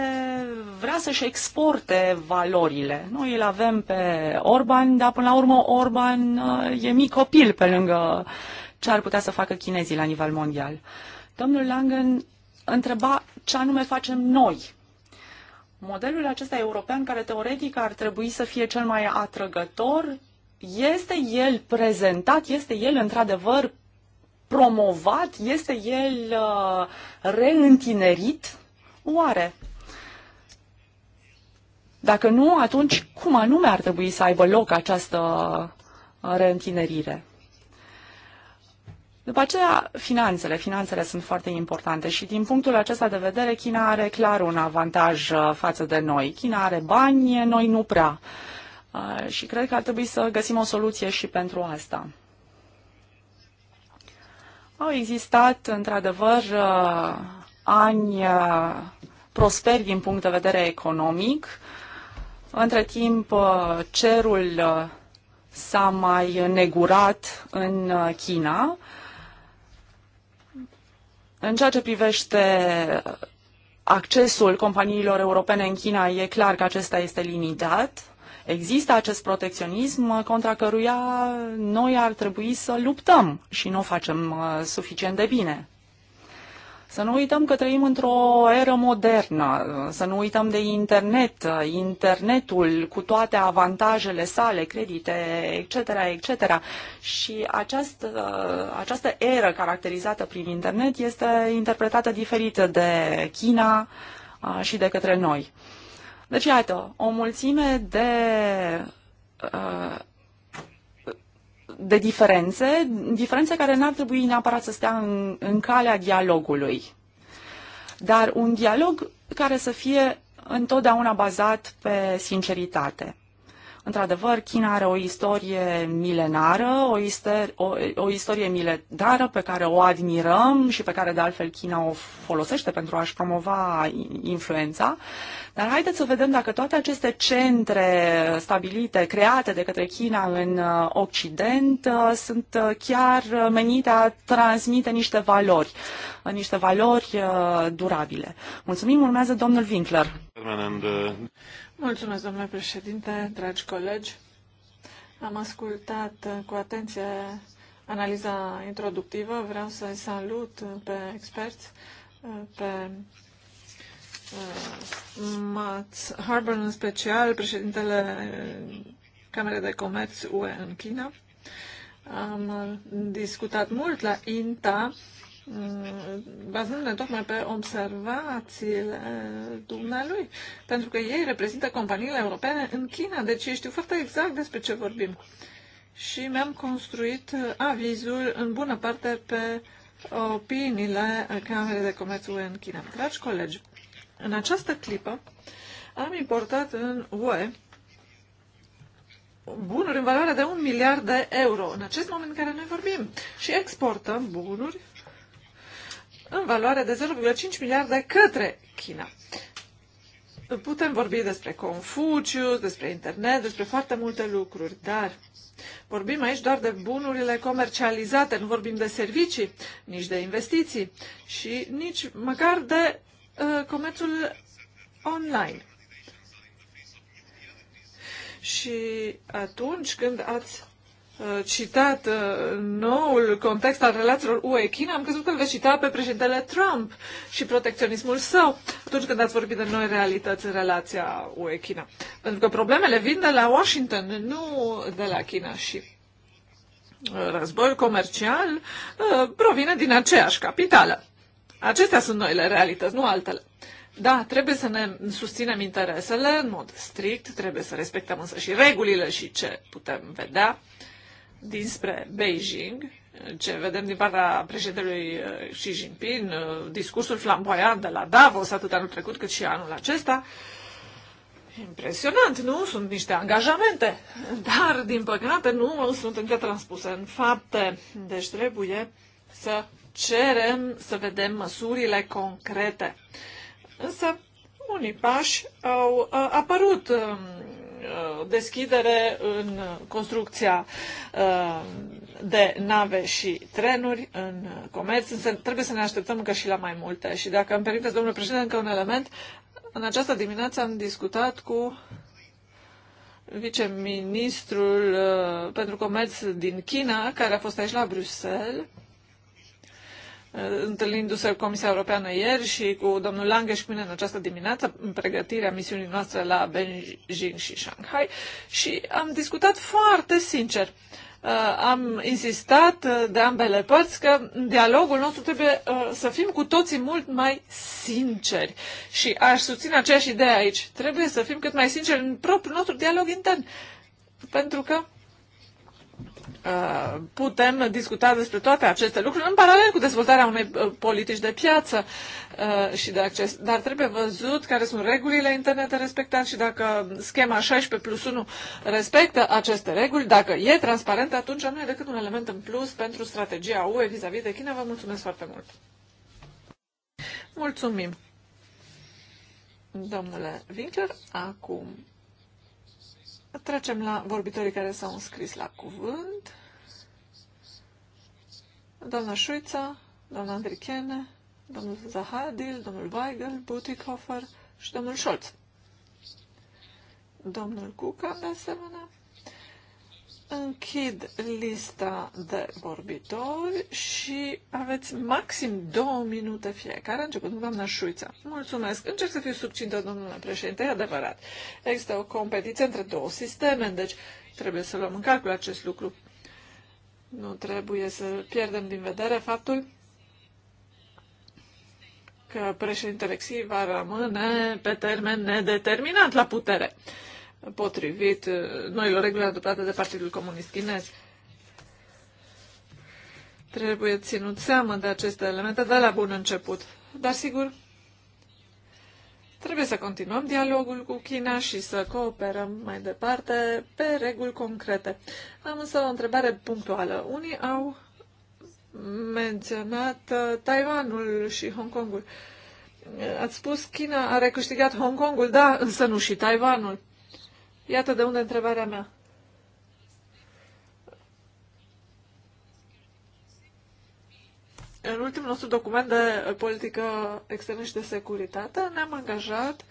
vrea să-și exporte valorile. Noi îl avem pe Orban, dar până la urmă Orban e mic copil pe lângă ce ar putea să facă chinezii la nivel mondial. Domnul Langen întreba ce anume facem noi Modelul acesta european, care teoretic ar trebui să fie cel mai atrăgător, este el prezentat, este el într-adevăr promovat, este el uh, reîntinerit? Oare? Dacă nu, atunci cum anume ar trebui să aibă loc această uh, reîntinerire? După aceea, finanțele. Finanțele sunt foarte importante și din punctul acesta de vedere, China are clar un avantaj uh, față de noi. China are bani, noi nu prea. Uh, și cred că ar trebui să găsim o soluție și pentru asta. Au existat, într-adevăr, uh, ani prosperi din punct de vedere economic. Între timp, cerul s-a mai negurat în China în ceea ce privește accesul companiilor europene în China, e clar că acesta este limitat. Există acest protecționism contra căruia noi ar trebui să luptăm și nu o facem uh, suficient de bine. Să nu uităm că trăim într-o eră modernă, să nu uităm de internet, internetul cu toate avantajele sale, credite, etc., etc. Și această, uh, această eră caracterizată prin internet este interpretată diferită de China uh, și de către noi. Deci, iată, o mulțime de uh, de diferențe, diferențe care n-ar trebui neapărat să stea în, în calea dialogului. Dar un dialog care să fie întotdeauna bazat pe sinceritate. Într-adevăr, China are o istorie milenară, o, ister, o, o istorie milenară pe care o admirăm și pe care, de altfel, China o folosește pentru a-și promova influența. Dar haideți să vedem dacă toate aceste centre stabilite, create de către China în uh, Occident, uh, sunt uh, chiar menite a transmite niște valori, niște valori durabile. Mulțumim, urmează domnul Winkler. Mulțumesc, domnule președinte, dragi colegi. Am ascultat cu atenție analiza introductivă. Vreau să-i salut pe experți, pe uh, Mats Harbour, în special, președintele Camerei de Comerț UE în China. Am discutat mult la INTA Mm, bazându-ne tocmai pe observațiile dumnealui, pentru că ei reprezintă companiile europene în China, deci ei știu foarte exact despre ce vorbim. Și mi-am construit avizul în bună parte pe opiniile Camerei de Comerț UE în China. Dragi colegi, în această clipă am importat în UE bunuri în valoare de un miliard de euro, în acest moment în care noi vorbim, și exportăm bunuri în valoare de 0,5 miliarde către China. Putem vorbi despre Confucius, despre internet, despre foarte multe lucruri, dar vorbim aici doar de bunurile comercializate, nu vorbim de servicii, nici de investiții și nici măcar de uh, comerțul online. Și atunci când ați Uh, citat uh, noul context al relațiilor UE-China, am crezut că îl veți cita pe președintele Trump și protecționismul său atunci când ați vorbit de noi realități în relația UE-China. Pentru că problemele vin de la Washington, nu de la China și uh, războiul comercial provine din aceeași capitală. Acestea sunt noile realități, nu altele. Da, trebuie să ne susținem interesele în mod strict, trebuie să respectăm însă și regulile și ce putem vedea dinspre Beijing, ce vedem din partea președintelui uh, Xi Jinping, uh, discursul flamboyant de la Davos, atât anul trecut cât și anul acesta, Impresionant, nu? Sunt niște angajamente, dar, din păcate, nu sunt încă transpuse în fapte. Deci trebuie să cerem să vedem măsurile concrete. Însă, unii pași au uh, apărut um, Uh, deschidere în construcția uh, de nave și trenuri, în comerț, însă trebuie să ne așteptăm încă și la mai multe. Și dacă îmi permiteți, domnule președinte, încă un element, în această dimineață am discutat cu viceministrul uh, pentru comerț din China, care a fost aici la Bruxelles, întâlnindu-se cu Comisia Europeană ieri și cu domnul Lange și cu mine în această dimineață, în pregătirea misiunii noastre la Beijing și Shanghai, și am discutat foarte sincer. Uh, am insistat uh, de ambele părți că dialogul nostru trebuie uh, să fim cu toții mult mai sinceri. Și aș susține aceeași idee aici. Trebuie să fim cât mai sinceri în propriul nostru dialog intern. Pentru că Uh, putem discuta despre toate aceste lucruri în paralel cu dezvoltarea unei uh, politici de piață uh, și de acces. Dar trebuie văzut care sunt regulile internet de respectat și dacă schema 16 plus 1 respectă aceste reguli. Dacă e transparent, atunci nu e decât un element în plus pentru strategia UE vis-a-vis -vis de China. Vă mulțumesc foarte mult! Mulțumim! Domnule Winkler, acum Trecem la vorbitorii care s-au înscris la cuvânt. Doamna Șuița, doamna Andrichene, domnul Zahadil, domnul Weigel, Butikhofer și domnul Scholz. Domnul Cuca, de asemenea. Închid lista de vorbitori și aveți maxim două minute fiecare, începând cu doamna Șuița. Mulțumesc. Încerc să fiu subțintă, domnule președinte, e adevărat. Există o competiție între două sisteme, deci trebuie să luăm în calcul acest lucru. Nu trebuie să pierdem din vedere faptul că președintele Xi va rămâne pe termen nedeterminat la putere. Uh, potrivit uh, noilor reguli adoptate de Partidul Comunist Chinez. Trebuie ținut seama de aceste elemente de la bun început. Dar, sigur, trebuie să continuăm dialogul cu China și să cooperăm mai departe pe reguli concrete. Am însă o întrebare punctuală. Unii au menționat uh, Taiwanul și Hong Kongul. Ați spus China a recâștigat Hong Kongul, da, însă nu și Taiwanul. Iată de unde întrebarea mea. În ultimul nostru document de politică externă și de securitate ne-am angajat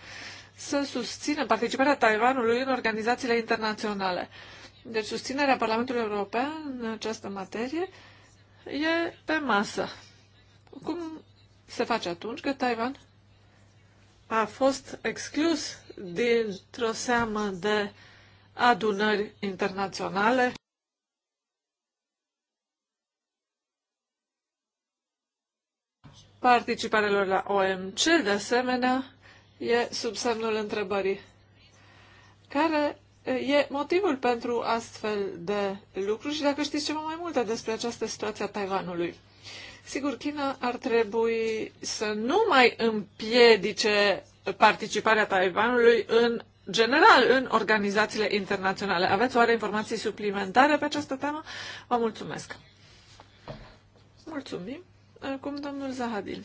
să susținem participarea Taiwanului în organizațiile internaționale. Deci susținerea Parlamentului European în această materie e pe masă. Cum se face atunci că Taiwan a fost exclus dintr-o seamă de adunări internaționale. Participarelor la OMC, de asemenea, e sub semnul întrebării. Care e motivul pentru astfel de lucruri și dacă știți ceva mai multe despre această situație a Taiwanului? Sigur, China ar trebui să nu mai împiedice participarea Taiwanului în general în organizațiile internaționale. Aveți oare informații suplimentare pe această temă? Vă mulțumesc. Mulțumim. Acum domnul Zahadil.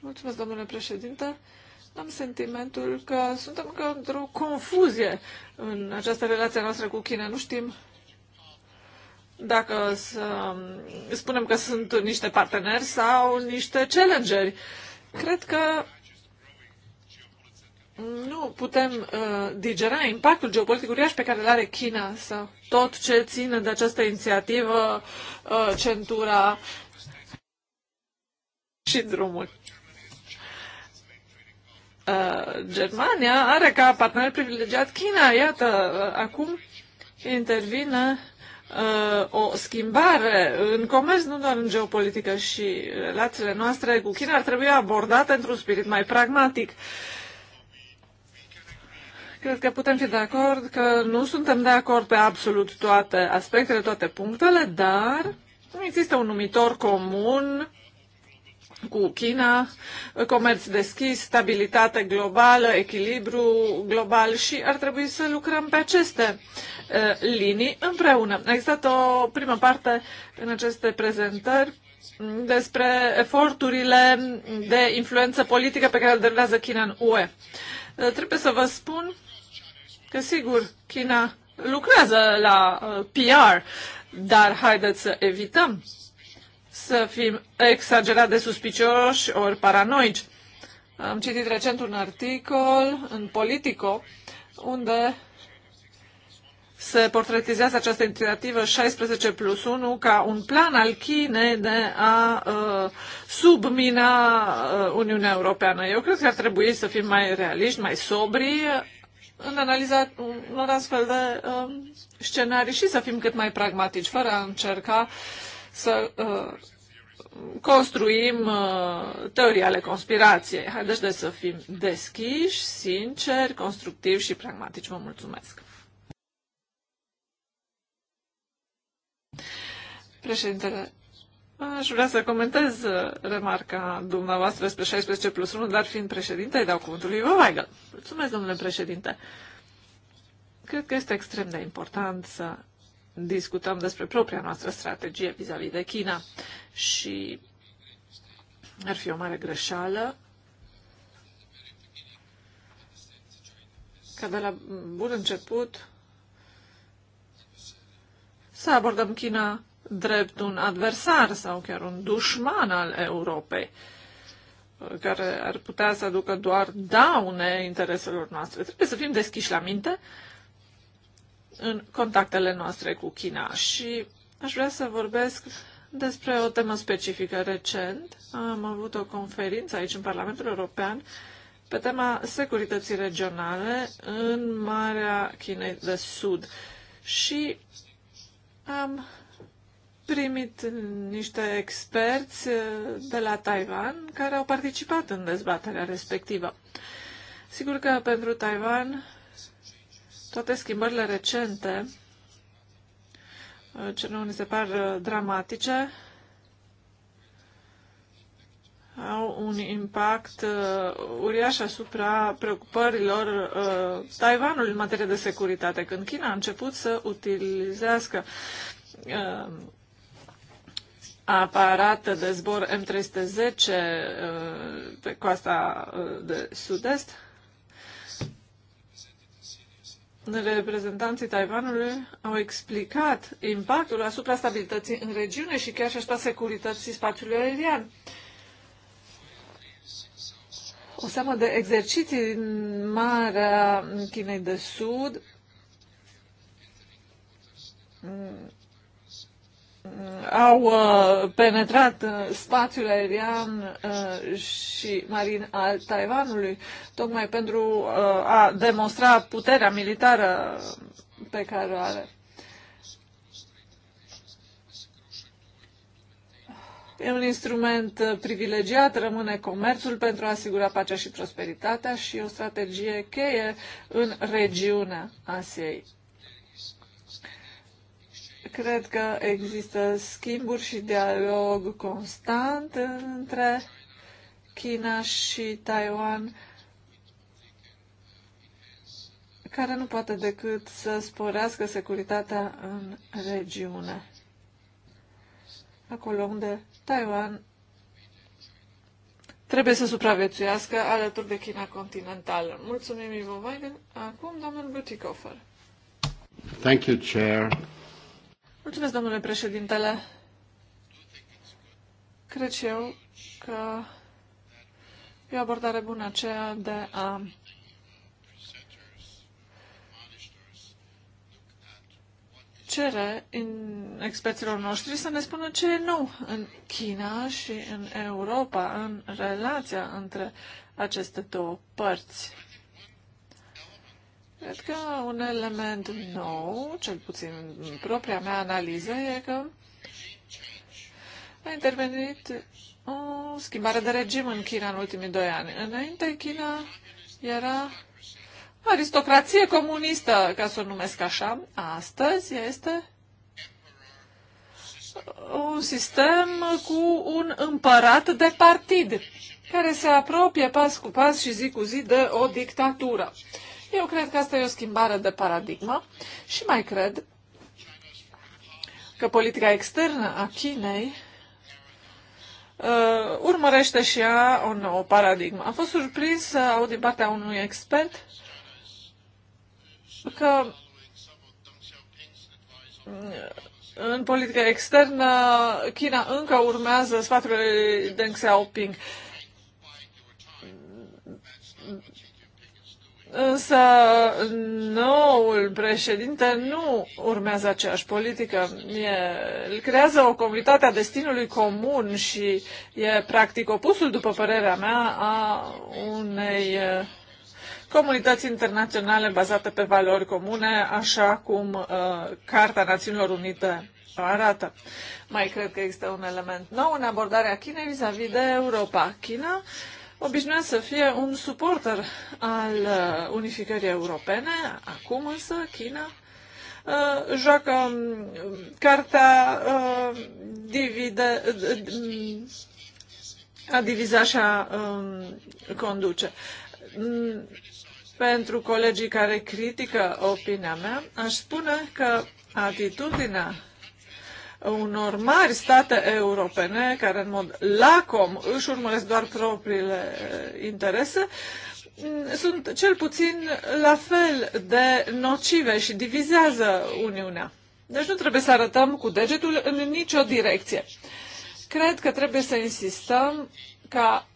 Mulțumesc, domnule președinte. Am sentimentul că suntem încă într-o confuzie în această relație noastră cu China. Nu știm dacă să spunem că sunt niște parteneri sau niște challengeri. Cred că nu putem uh, digera impactul geopolitic uriaș pe care îl are China sau tot ce ține de această inițiativă, uh, centura și drumul. Uh, Germania are ca partener privilegiat China. Iată, uh, acum intervine uh, o schimbare în comerț, nu doar în geopolitică și relațiile noastre cu China ar trebui abordate într-un spirit mai pragmatic. Uh, Cred că putem fi de acord că nu suntem de acord pe absolut toate aspectele, toate punctele, dar există un numitor comun cu China, comerț deschis, stabilitate globală, echilibru global și ar trebui să lucrăm pe aceste uh, linii împreună. A existat o primă parte în aceste prezentări despre eforturile de influență politică pe care le derulează China în UE. Trebuie să vă spun că sigur, China lucrează la uh, PR, dar haideți să evităm să fim exagerat de suspicioși ori paranoici. Am citit recent un articol în Politico unde se portretizează această inițiativă 16 plus 1 ca un plan al Chinei de a uh, submina uh, Uniunea Europeană. Eu cred că ar trebui să fim mai realiști, mai sobri, în analiza unor astfel de uh, scenarii și să fim cât mai pragmatici, fără a încerca să uh, construim uh, teorii ale conspirației. Haideți de să fim deschiși, sinceri, constructivi și pragmatici. Vă mulțumesc! Președintele, Aș vrea să comentez uh, remarca dumneavoastră despre 16 plus 1, dar fiind președinte, îi dau cuvântul lui Weigel. Mulțumesc, domnule președinte. Cred că este extrem de important să discutăm despre propria noastră strategie vis-a-vis -vis de China și ar fi o mare greșeală ca de la bun început să abordăm China drept un adversar sau chiar un dușman al Europei, uh, care ar putea să aducă doar daune intereselor noastre. Trebuie să fim deschiși la minte în contactele noastre cu China. Și aș vrea să vorbesc despre o temă specifică. Recent am avut o conferință aici în Parlamentul European pe tema securității regionale în Marea Chinei de Sud. Și am primit niște experți eh, de la Taiwan care au participat în dezbaterea respectivă. Sigur că pentru Taiwan toate schimbările recente, eh, ce nu ni se par eh, dramatice, au un impact uh, uriaș asupra preocupărilor uh, Taiwanului în materie de securitate, când China a început să utilizească uh, Aparat de zbor M310 uh, pe coasta uh, de sud-est. Reprezentanții Taiwanului au explicat impactul asupra stabilității în regiune și chiar și asupra securității spațiului aerian. O seamă de exerciții din Marea Chinei de Sud au uh, penetrat uh, spațiul aerian uh, și marin al Taiwanului, tocmai pentru a demonstra puterea militară pe care o are. E un instrument privilegiat, rămâne comerțul pentru a asigura pacea și prosperitatea și o strategie cheie în regiunea Asiei. Cred că există schimburi și dialog constant între China și Taiwan, care nu poate decât să sporească securitatea în regiune, acolo unde Taiwan trebuie să supraviețuiască alături de China continentală. Mulțumim, Ivo Weigel. Acum, domnul Butikofer. Thank you, Chair. Mulțumesc, domnule președintele. Cred și eu că e o abordare bună aceea de a cere în experților noștri să ne spună ce e nou în China și în Europa, în relația între aceste două părți. Cred că un element nou, cel puțin în propria mea analiză, e că a intervenit o schimbare de regim în China în ultimii doi ani. Înainte, China era aristocrație comunistă, ca să o numesc așa. Astăzi este un sistem cu un împărat de partid, care se apropie pas cu pas și zi cu zi de o dictatură. Eu cred că asta e o schimbare de paradigmă și mai cred că politica externă a Chinei uh, urmărește și ea o nouă paradigmă. Am fost surprins să aud din partea unui expert că uh, în politica externă China încă urmează sfaturile Deng Xiaoping. Uh, Însă noul președinte nu urmează aceeași politică. El creează o comunitate a destinului comun și e practic opusul, după părerea mea, a unei comunități internaționale bazate pe valori comune, așa cum uh, Carta Națiunilor Unite arată. Mai cred că există un element nou în abordarea Chinei vis-a-vis -vis de Europa. China uh, obișnuia să fie un suporter al uh, unificării europene, acum însă China uh, joacă um, cartea uh, divide, a diviza și a um, conduce. Pentru colegii care critică opinia mea, aș spune că atitudinea unor mari state europene care în mod lacom își urmăresc doar propriile eh, interese, mm, sunt cel puțin la fel de nocive și divizează Uniunea. Deci nu trebuie să arătăm cu degetul în nicio direcție. Cred că trebuie să insistăm ca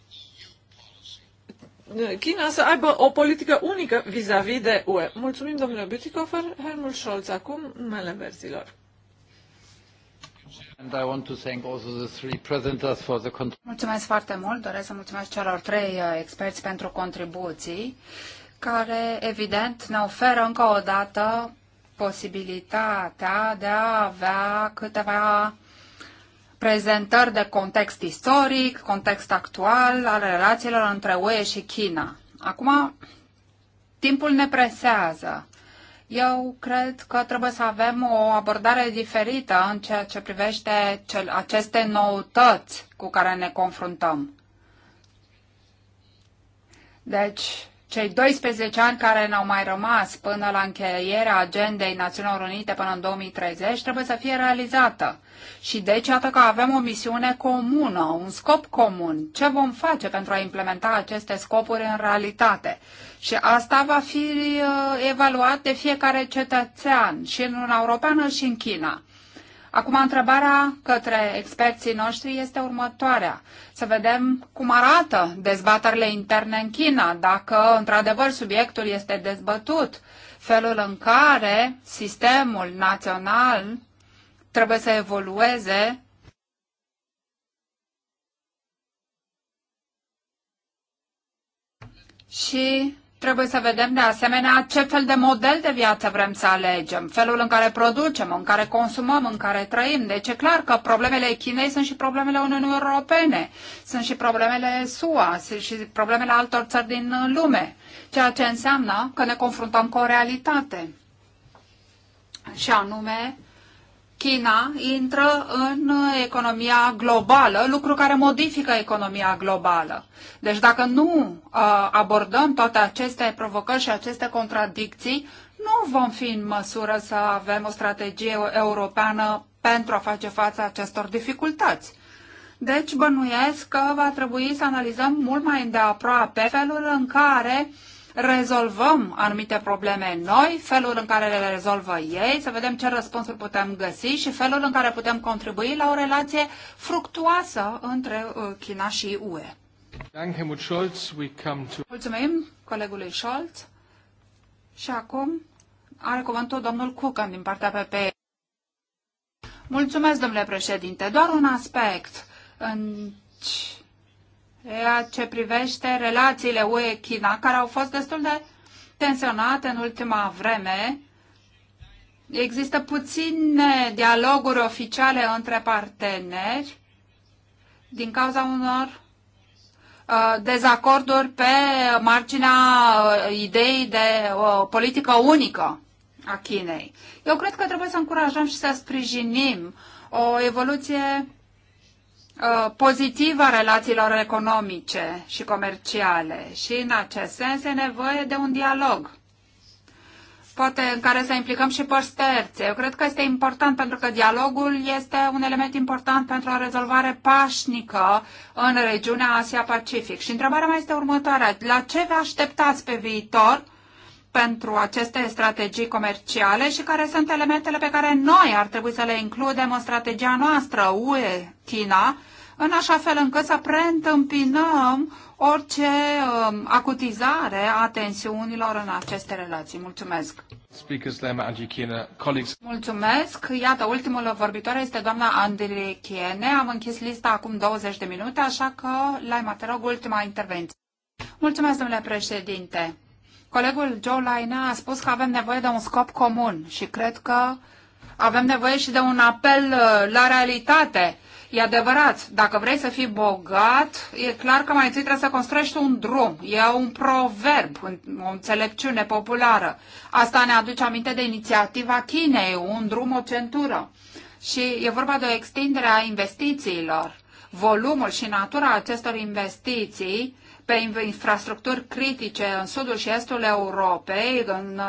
China să aibă o politică unică vis-a-vis -vis de UE. Mulțumim, domnule Bütikofer. Helmut Scholz, acum mele verzilor. Mulțumesc foarte mult, doresc să mulțumesc celor trei uh, experți pentru contribuții, care evident ne oferă încă o dată posibilitatea de a avea câteva prezentări de context istoric, context actual al relațiilor între UE și China. Acum, timpul ne presează. Eu cred că trebuie să avem o abordare diferită în ceea ce privește cel, aceste noutăți cu care ne confruntăm. Deci, cei 12 ani care n-au mai rămas până la încheierea agendei Națiunilor Unite până în 2030 trebuie să fie realizată. Și deci, iată că avem o misiune comună, un scop comun. Ce vom face pentru a implementa aceste scopuri în realitate? Și asta va fi uh, evaluat de fiecare cetățean, și în Uniunea Europeană și în China. Acum, întrebarea către experții noștri este următoarea. Să vedem cum arată dezbaterile interne în China, dacă într-adevăr subiectul este dezbătut, felul în care sistemul național trebuie să evolueze și Trebuie să vedem de asemenea ce fel de model de viață vrem să alegem, felul în care producem, în care consumăm, în care trăim. Deci e clar că problemele Chinei sunt și problemele Uniunii Europene, sunt și problemele SUA, sunt și problemele altor țări din lume, ceea ce înseamnă că ne confruntăm cu o realitate. Și anume, China intră în economia globală, lucru care modifică economia globală. Deci dacă nu uh, abordăm toate aceste provocări și aceste contradicții, nu vom fi în măsură să avem o strategie europeană pentru a face față acestor dificultăți. Deci bănuiesc că va trebui să analizăm mult mai îndeaproape felul în care uh, rezolvăm anumite probleme noi, felul în care le rezolvă ei, să vedem ce răspunsuri putem găsi și felul în care putem contribui la o relație fructuoasă între uh, China și UE. Mulțumim colegului Scholz. Și acum are cuvântul domnul Cucan din partea PP. Mulțumesc, domnule președinte. Doar un aspect. În ceea ce privește relațiile UE-China, care au fost destul de tensionate în ultima vreme. Există puține dialoguri oficiale între parteneri din cauza unor uh, dezacorduri pe marginea uh, ideii de o uh, politică unică a Chinei. Eu cred că trebuie să încurajăm și să sprijinim o evoluție Uh, pozitivă a relațiilor economice și comerciale și în acest sens e nevoie de un dialog poate în care să implicăm și părți terțe. Eu cred că este important pentru că dialogul este un element important pentru o rezolvare pașnică în regiunea Asia-Pacific. Și întrebarea mea este următoarea. La ce vă așteptați pe viitor pentru aceste strategii comerciale și care sunt elementele pe care noi ar trebui să le includem în strategia noastră UE-China, în așa fel încât să preîntâmpinăm orice um, acutizare a tensiunilor în aceste relații. Mulțumesc! Mulțumesc! Iată, ultimul vorbitor este doamna Andrei Chiene. Am închis lista acum 20 de minute, așa că, Laima, te rog, ultima intervenție. Mulțumesc, domnule președinte! Colegul Joe Laina a spus că avem nevoie de un scop comun și cred că avem nevoie și de un apel uh, la realitate. E adevărat, dacă vrei să fii bogat, e clar că mai întâi trebuie să construiești un drum. E un proverb, o înțelepciune populară. Asta ne aduce aminte de inițiativa Chinei, un drum, o centură. Și e vorba de o extindere a investițiilor. Volumul și natura acestor investiții pe infrastructuri critice în sudul și estul Europei, în,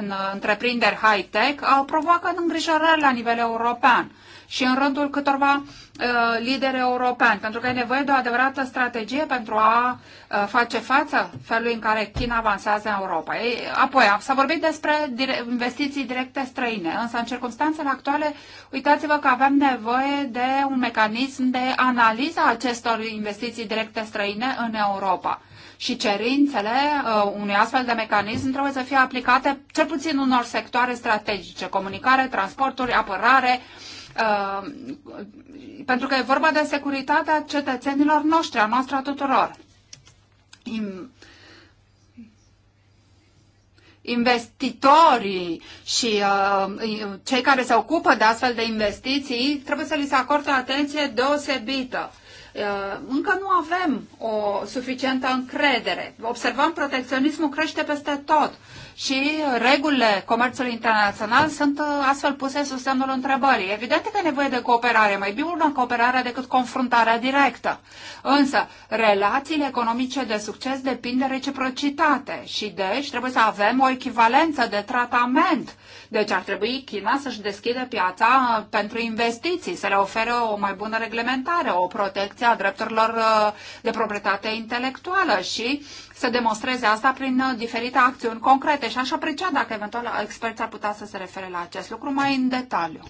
în întreprinderi high-tech, provoacă îngrijorări la nivel european și în rândul câtorva uh, lideri europeni, pentru că e nevoie de o adevărată strategie pentru a uh, face față felului în care China avansează în Europa. Ei, apoi, s-a vorbit despre investiții directe străine, însă în circunstanțele actuale, uitați-vă că avem nevoie de un mecanism de analiză a acestor investiții directe străine în Europa și cerințele uh, unui astfel de mecanism trebuie să fie aplicate cel puțin unor sectoare strategice, comunicare, transporturi, apărare, uh, Uh, pentru că e vorba de securitatea cetățenilor noștri, a noastră a tuturor. In, investitorii și uh, cei care se ocupă de astfel de investiții trebuie să li se acorde o atenție deosebită. Uh, încă nu avem o suficientă încredere. Observăm protecționismul crește peste tot. Uh, și regulile comerțului internațional sunt uh, astfel puse sub semnul întrebării. Evident că e nevoie de cooperare, mai bine una cooperare decât confruntarea directă. Însă, relațiile economice de succes depind de reciprocitate și deci trebuie să avem o echivalență de tratament deci ar trebui China să-și deschidă piața uh, pentru investiții, să le ofere o mai bună reglementare, o protecție a drepturilor uh, de proprietate intelectuală și să demonstreze asta prin uh, diferite acțiuni concrete. Și aș aprecia dacă eventual experții ar putea să se refere la acest lucru mai în detaliu.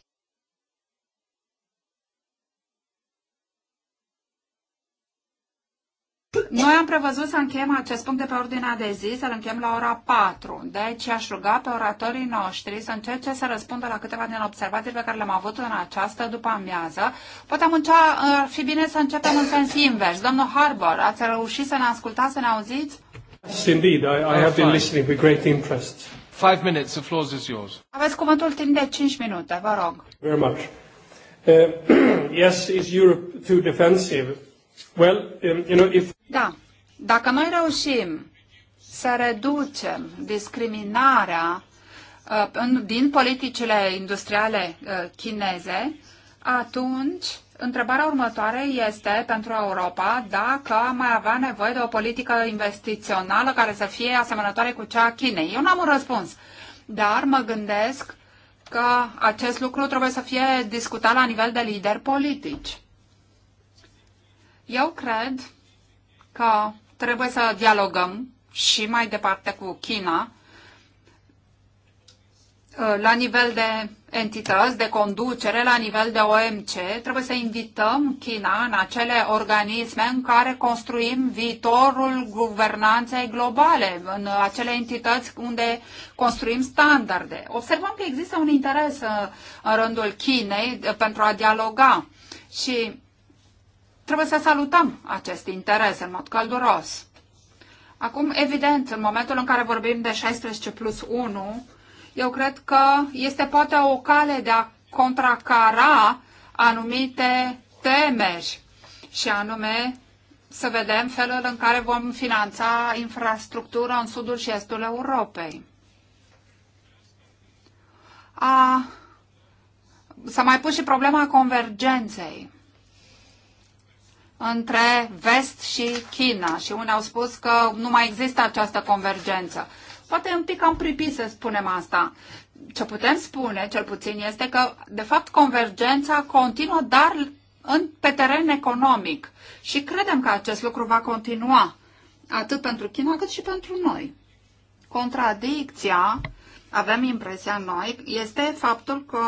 Noi am prevăzut să încheiem acest punct de pe ordinea de zi, să-l încheiem la ora 4. Deci aș ruga pe oratorii noștri să încerce să răspundă la câteva din observațiile pe care le-am avut în această după amiază. Poate încea, ar uh, fi bine să începem în sens invers. Domnul Harbour, ați reușit să ne ascultați, să ne auziți? Yes, indeed. I, I have been listening with great interest. Five minutes, the floor is yours. Aveți cuvântul timp de 5 minute, vă rog. Very much. Uh, yes, is Europe too defensive? Well, um, you know, if da, dacă noi reușim să reducem discriminarea uh, din politicile industriale uh, chineze, atunci întrebarea următoare este pentru Europa dacă mai avea nevoie de o politică investițională care să fie asemănătoare cu cea a Chinei. Eu n-am un răspuns, dar mă gândesc că acest lucru trebuie să fie discutat la nivel de lideri politici. Eu cred că trebuie să dialogăm și mai departe cu China uh, la nivel de entități, de conducere, la nivel de OMC. Trebuie să invităm China în acele organisme în care construim viitorul guvernanței globale, în acele entități unde construim standarde. Observăm că există un interes uh, în rândul Chinei pentru a dialoga și Trebuie să salutăm acest interes în mod călduros. Acum, evident, în momentul în care vorbim de 16 plus 1, eu cred că este poate o cale de a contracara anumite temeri și anume să vedem felul în care vom finanța infrastructura în sudul și estul Europei. A, s-a mai pus și problema convergenței între vest și China și unii au spus că nu mai există această convergență. Poate un pic am pripit să spunem asta. Ce putem spune, cel puțin, este că, de fapt, convergența continuă, dar în, pe teren economic. Și credem că acest lucru va continua, atât pentru China cât și pentru noi. Contradicția avem impresia noi, este faptul că,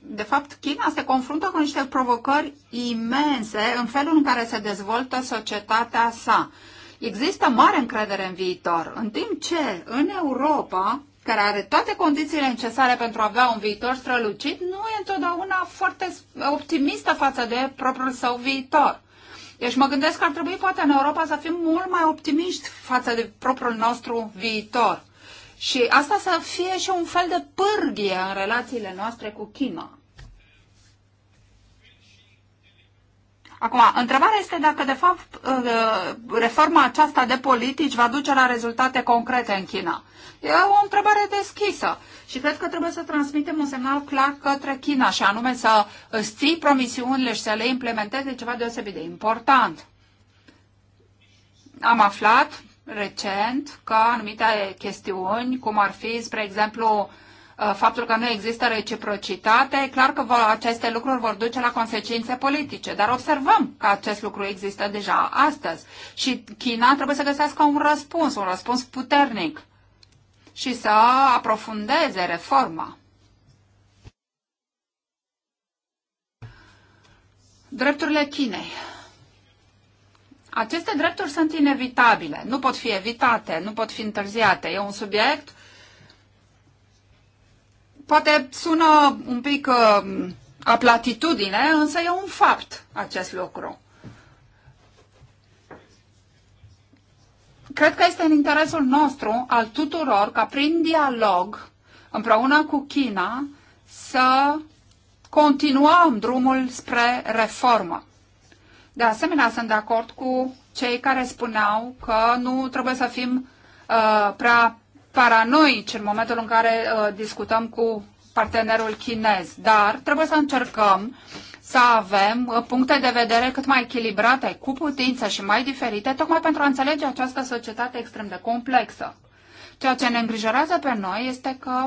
de fapt, China se confruntă cu niște provocări imense în felul în care se dezvoltă societatea sa. Există mare încredere în viitor, în timp ce în Europa, care are toate condițiile necesare pentru a avea un viitor strălucit, nu e întotdeauna foarte optimistă față de propriul său viitor. Deci mă gândesc că ar trebui poate în Europa să fim mult mai optimiști față de propriul nostru viitor și asta să fie și un fel de pârghie în relațiile noastre cu China. Acum, întrebarea este dacă, de fapt, ă, reforma aceasta de politici va duce la rezultate concrete în China. E o întrebare deschisă și cred că trebuie să transmitem un semnal clar către China și anume să îți ții promisiunile și să le implementeze ceva deosebit de important. Am aflat recent că anumite chestiuni, cum ar fi, spre exemplu, uh, faptul că nu există reciprocitate, e clar că aceste lucruri vor duce la consecințe politice, dar observăm că acest lucru există deja astăzi și China trebuie să găsească un răspuns, un răspuns puternic și să aprofundeze reforma. Drepturile Chinei. Aceste drepturi sunt inevitabile, nu pot fi evitate, nu pot fi întârziate. E un subiect, poate sună un pic uh, a platitudine, însă e un fapt acest lucru. Cred că este în interesul nostru, al tuturor, ca prin dialog, împreună cu China, să continuăm drumul spre reformă. De asemenea, sunt de acord cu cei care spuneau că nu trebuie să fim uh, prea paranoici în momentul în care uh, discutăm cu partenerul chinez, dar trebuie să încercăm să avem uh, puncte de vedere cât mai echilibrate, cu putință și mai diferite, tocmai pentru a înțelege această societate extrem de complexă. Ceea ce ne îngrijorează pe noi este că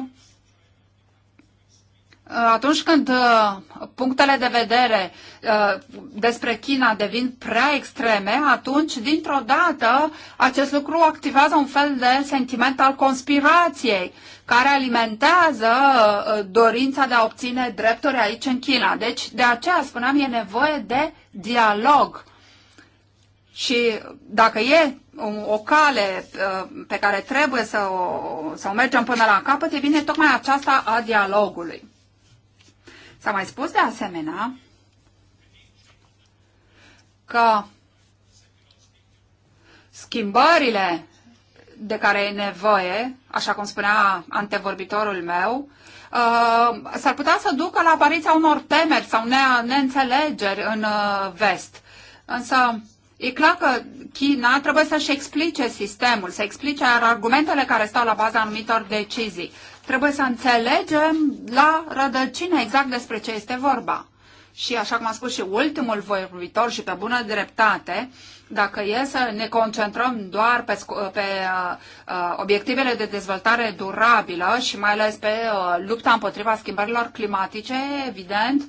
atunci când uh, punctele de vedere uh, despre China devin prea extreme, atunci, dintr-o dată, acest lucru activează un fel de sentiment al conspirației, care alimentează uh, dorința de a obține drepturi aici în China. Deci, de aceea spuneam, e nevoie de dialog. Și dacă e o cale pe care trebuie să o, să o mergem până la capăt, e bine tocmai aceasta a dialogului. S-a mai spus de asemenea că schimbările de care e nevoie, așa cum spunea antevorbitorul meu, uh, s-ar putea să ducă la apariția unor temeri sau neînțelegeri în uh, vest. Însă e clar că China trebuie să-și explice sistemul, să explice argumentele care stau la baza anumitor decizii trebuie să înțelegem la rădăcină exact despre ce este vorba. Și așa cum a spus și ultimul vorbitor și pe bună dreptate, dacă e să ne concentrăm doar pe, pe uh, uh, obiectivele de dezvoltare durabilă și mai ales pe uh, lupta împotriva schimbărilor climatice, evident,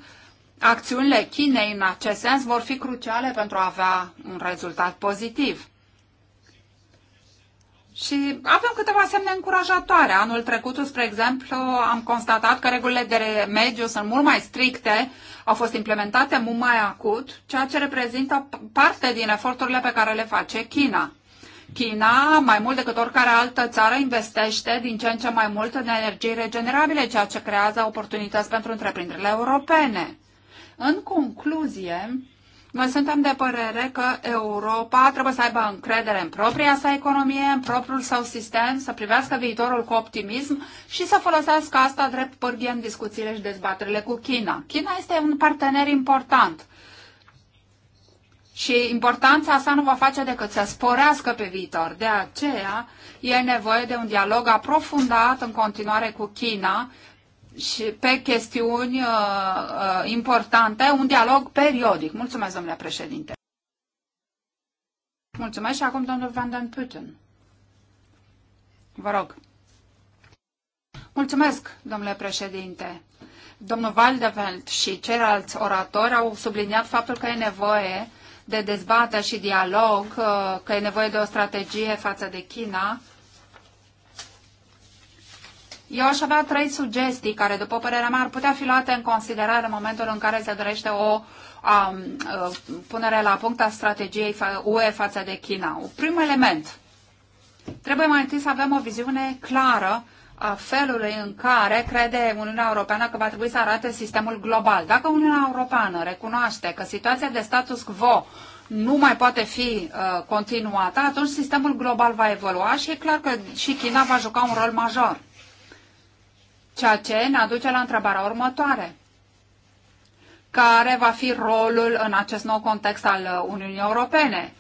acțiunile Chinei în acest sens vor fi cruciale pentru a avea un rezultat pozitiv. Și avem câteva semne încurajatoare. Anul trecut, spre exemplu, am constatat că regulile de mediu sunt mult mai stricte, au fost implementate mult mai acut, ceea ce reprezintă parte din eforturile pe care le face China. China, mai mult decât oricare altă țară, investește din ce în ce mai mult în energii regenerabile, ceea ce creează oportunități pentru întreprinderile europene. În concluzie, noi suntem de părere că Europa trebuie să aibă încredere în propria sa economie, în propriul său sistem, să privească viitorul cu optimism și să folosească asta drept pârghie în discuțiile și dezbaterile cu China. China este un partener important și importanța sa nu va face decât să sporească pe viitor. De aceea e nevoie de un dialog aprofundat în continuare cu China și pe chestiuni uh, uh, importante, un dialog periodic. Mulțumesc, domnule președinte. Mulțumesc și acum domnul Van den Putten. Vă rog. Mulțumesc, domnule președinte. Domnul Valdeveld și ceilalți oratori au subliniat faptul că e nevoie de dezbatere și dialog, uh, că e nevoie de o strategie față de China eu aș avea trei sugestii care, după părerea mea, ar putea fi luate în considerare în momentul în care se dorește o a, a, uh, punere la punct a strategiei UE față de China. Un prim element. Trebuie mai întâi să avem o viziune clară a felului în care crede Uniunea Europeană că va trebui să arate sistemul global. Dacă Uniunea Europeană recunoaște că situația de status quo nu mai poate fi uh, continuată, atunci sistemul global va evolua și e clar că și China va juca un rol major. Ceea ce ne aduce la întrebarea următoare. Care va fi rolul în acest nou context al Uniunii Europene?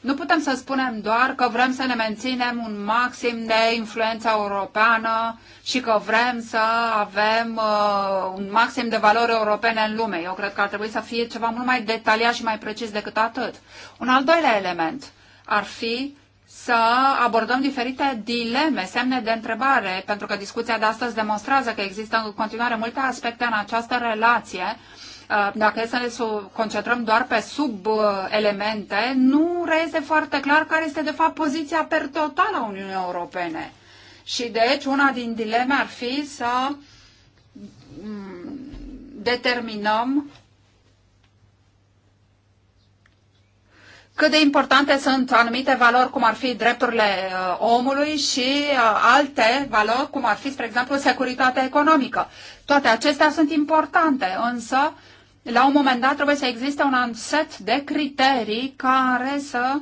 Nu putem să spunem doar că vrem să ne menținem un maxim de influență europeană și că vrem să avem uh, un maxim de valori europene în lume. Eu cred că ar trebui să fie ceva mult mai detaliat și mai precis decât atât. Un al doilea element ar fi să abordăm diferite dileme, semne de întrebare, pentru că discuția de astăzi demonstrează că există în continuare multe aspecte în această relație. Uh, dacă e să ne concentrăm doar pe sub-elemente, nu reiese foarte clar care este de fapt poziția per total a Uniunii Europene. Și deci una din dileme ar fi să mm, determinăm cât de importante sunt anumite valori, cum ar fi drepturile uh, omului și uh, alte valori, cum ar fi, spre exemplu, securitatea economică. Toate acestea sunt importante, însă, la un moment dat, trebuie să existe un set de criterii care să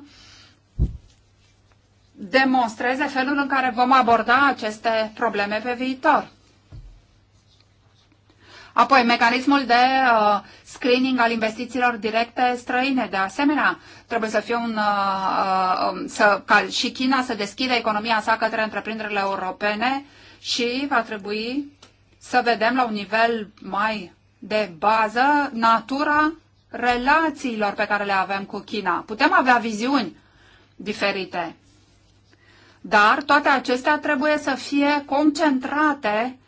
demonstreze felul în care vom aborda aceste probleme pe viitor. Apoi, mecanismul de uh, screening al investițiilor directe străine, de asemenea, trebuie să fie un, uh, um, să, ca și China să deschidă economia sa către întreprinderile europene și va trebui să vedem la un nivel mai de bază natura relațiilor pe care le avem cu China. Putem avea viziuni diferite, dar toate acestea trebuie să fie concentrate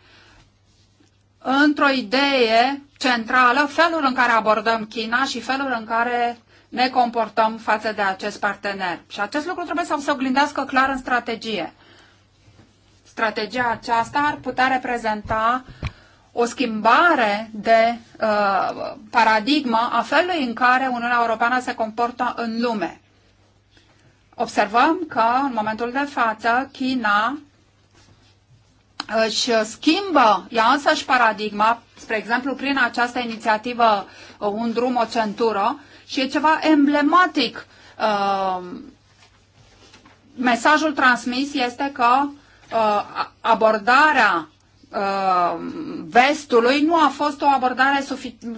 într-o idee centrală, felul în care abordăm China și felul în care ne comportăm față de acest partener. Și acest lucru trebuie să se oglindească clar în strategie. Strategia aceasta ar putea reprezenta o schimbare de uh, paradigmă a felului în care Uniunea Europeană se comportă în lume. Observăm că în momentul de față China își schimbă ea însăși paradigma, spre exemplu prin această inițiativă uh, Un drum, o centură, și e ceva emblematic. Uh, mesajul transmis este că uh, abordarea uh, vestului nu a fost o abordare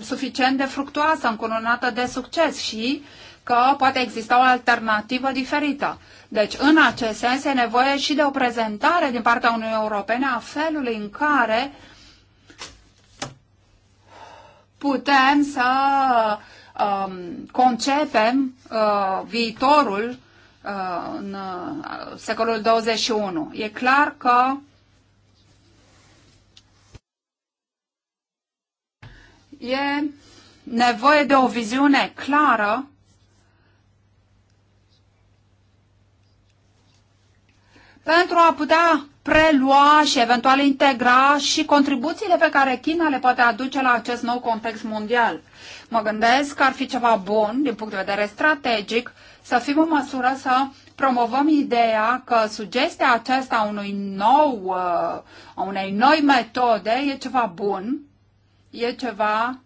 suficient de fructuoasă, încununată de succes și că poate exista o alternativă diferită. Deci, în acest sens, e nevoie și de o prezentare din partea unui Europene a felului în care putem să uh, um, concepem uh, viitorul uh, în uh, secolul 21. E clar că e nevoie de o viziune clară pentru a putea prelua și eventual integra și contribuțiile pe care China le poate aduce la acest nou context mondial. Mă gândesc că ar fi ceva bun, din punct de vedere strategic, să fim în măsură să promovăm ideea că sugestia aceasta a unui nou, uh, a unei noi metode e ceva bun, e ceva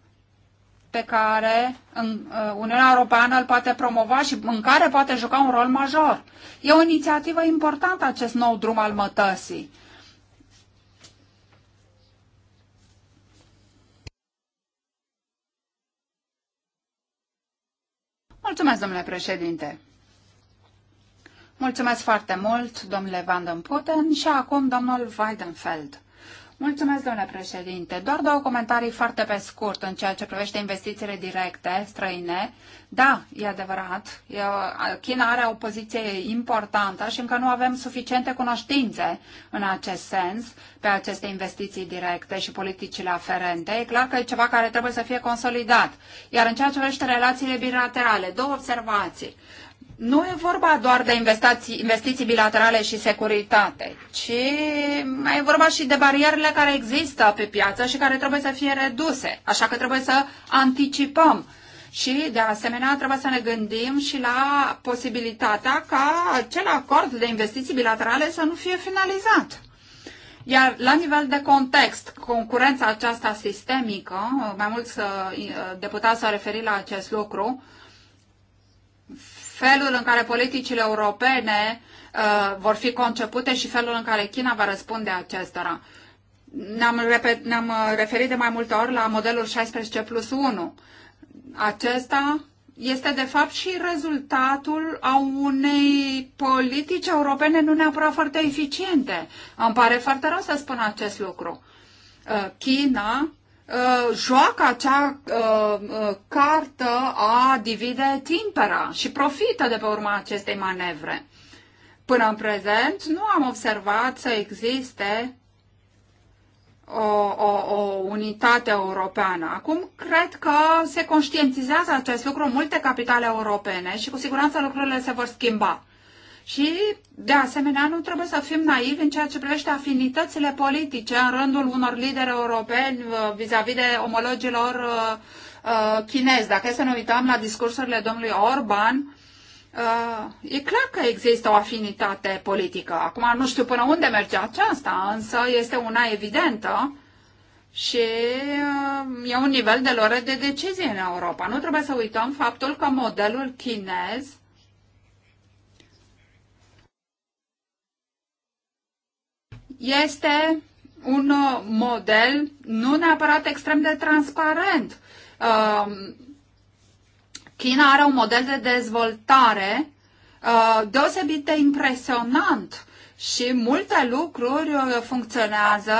pe care în, uh, Uniunea Europeană îl poate promova și în care poate juca un rol major. E o inițiativă importantă acest nou drum al mătăsii. Mulțumesc, domnule președinte. Mulțumesc foarte mult, domnule Van den Putten și acum domnul Weidenfeld. Mulțumesc, domnule președinte. Doar două comentarii foarte pe scurt în ceea ce privește investițiile directe străine. Da, e adevărat, China are o poziție importantă și încă nu avem suficiente cunoștințe în acest sens pe aceste investiții directe și politicile aferente. E clar că e ceva care trebuie să fie consolidat. Iar în ceea ce privește relațiile bilaterale, două observații nu e vorba doar de investiții, investiții bilaterale și securitate, ci mai e vorba și de barierele care există pe piață și care trebuie să fie reduse. Așa că trebuie să anticipăm și, de asemenea, trebuie să ne gândim și la posibilitatea ca acel acord de investiții bilaterale să nu fie finalizat. Iar la nivel de context, concurența aceasta sistemică, mai mulți deputați s-au referit la acest lucru, uh, felul în care politicile europene uh, vor fi concepute și felul în care China va răspunde acestora. Ne-am, ne-am uh, referit de mai multe ori la modelul 16 plus 1. Acesta este de fapt și rezultatul a unei politici europene nu neapărat foarte eficiente. Îmi pare foarte rău să spun acest lucru. Uh, China Uh, joacă acea uh, uh, cartă a divide timpera și profită de pe urma acestei manevre. Până în prezent nu am observat să existe o, o, o unitate europeană. Acum cred că se conștientizează acest lucru multe capitale europene și cu siguranță lucrurile se vor schimba. Și, de asemenea, nu trebuie să fim naivi în ceea ce privește afinitățile politice în rândul unor lideri europeni uh, vis-a-vis -vis de omologilor uh, uh, chinezi. Dacă să ne uităm la discursurile domnului Orban, e clar că există o afinitate politică. Acum nu știu până unde merge aceasta, însă este una evidentă și e un nivel de lor de decizie în Europa. Nu trebuie să uităm faptul că modelul chinez este un uh, model nu neapărat extrem de transparent. Um, China are un model de dezvoltare uh, deosebit de impresionant și multe lucruri uh, funcționează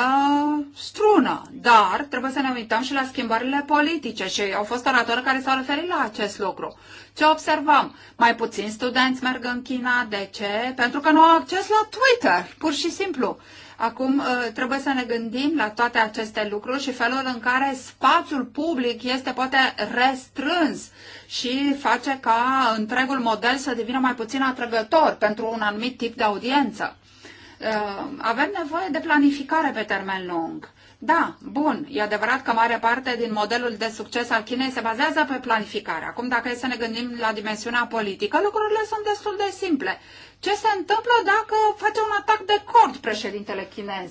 strună, dar trebuie să ne uităm și la schimbările politice și au fost oratori care s-au referit la acest lucru. Ce observăm? Mai puțini studenți merg în China. De ce? Pentru că nu au acces la Twitter, pur și simplu. Uh, Acum uh, trebuie să ne gândim la toate aceste lucruri și felul în care spațiul public este poate restrâns și face ca întregul model să devină mai puțin atrăgător pentru un anumit tip de audiență. Uh, avem nevoie de planificare pe termen lung da, bun, e adevărat că mare parte din modelul de succes al Chinei se bazează pe planificare. Acum, dacă e să ne gândim la dimensiunea politică, lucrurile sunt destul de simple. Ce se întâmplă dacă face un atac de cord președintele chinez?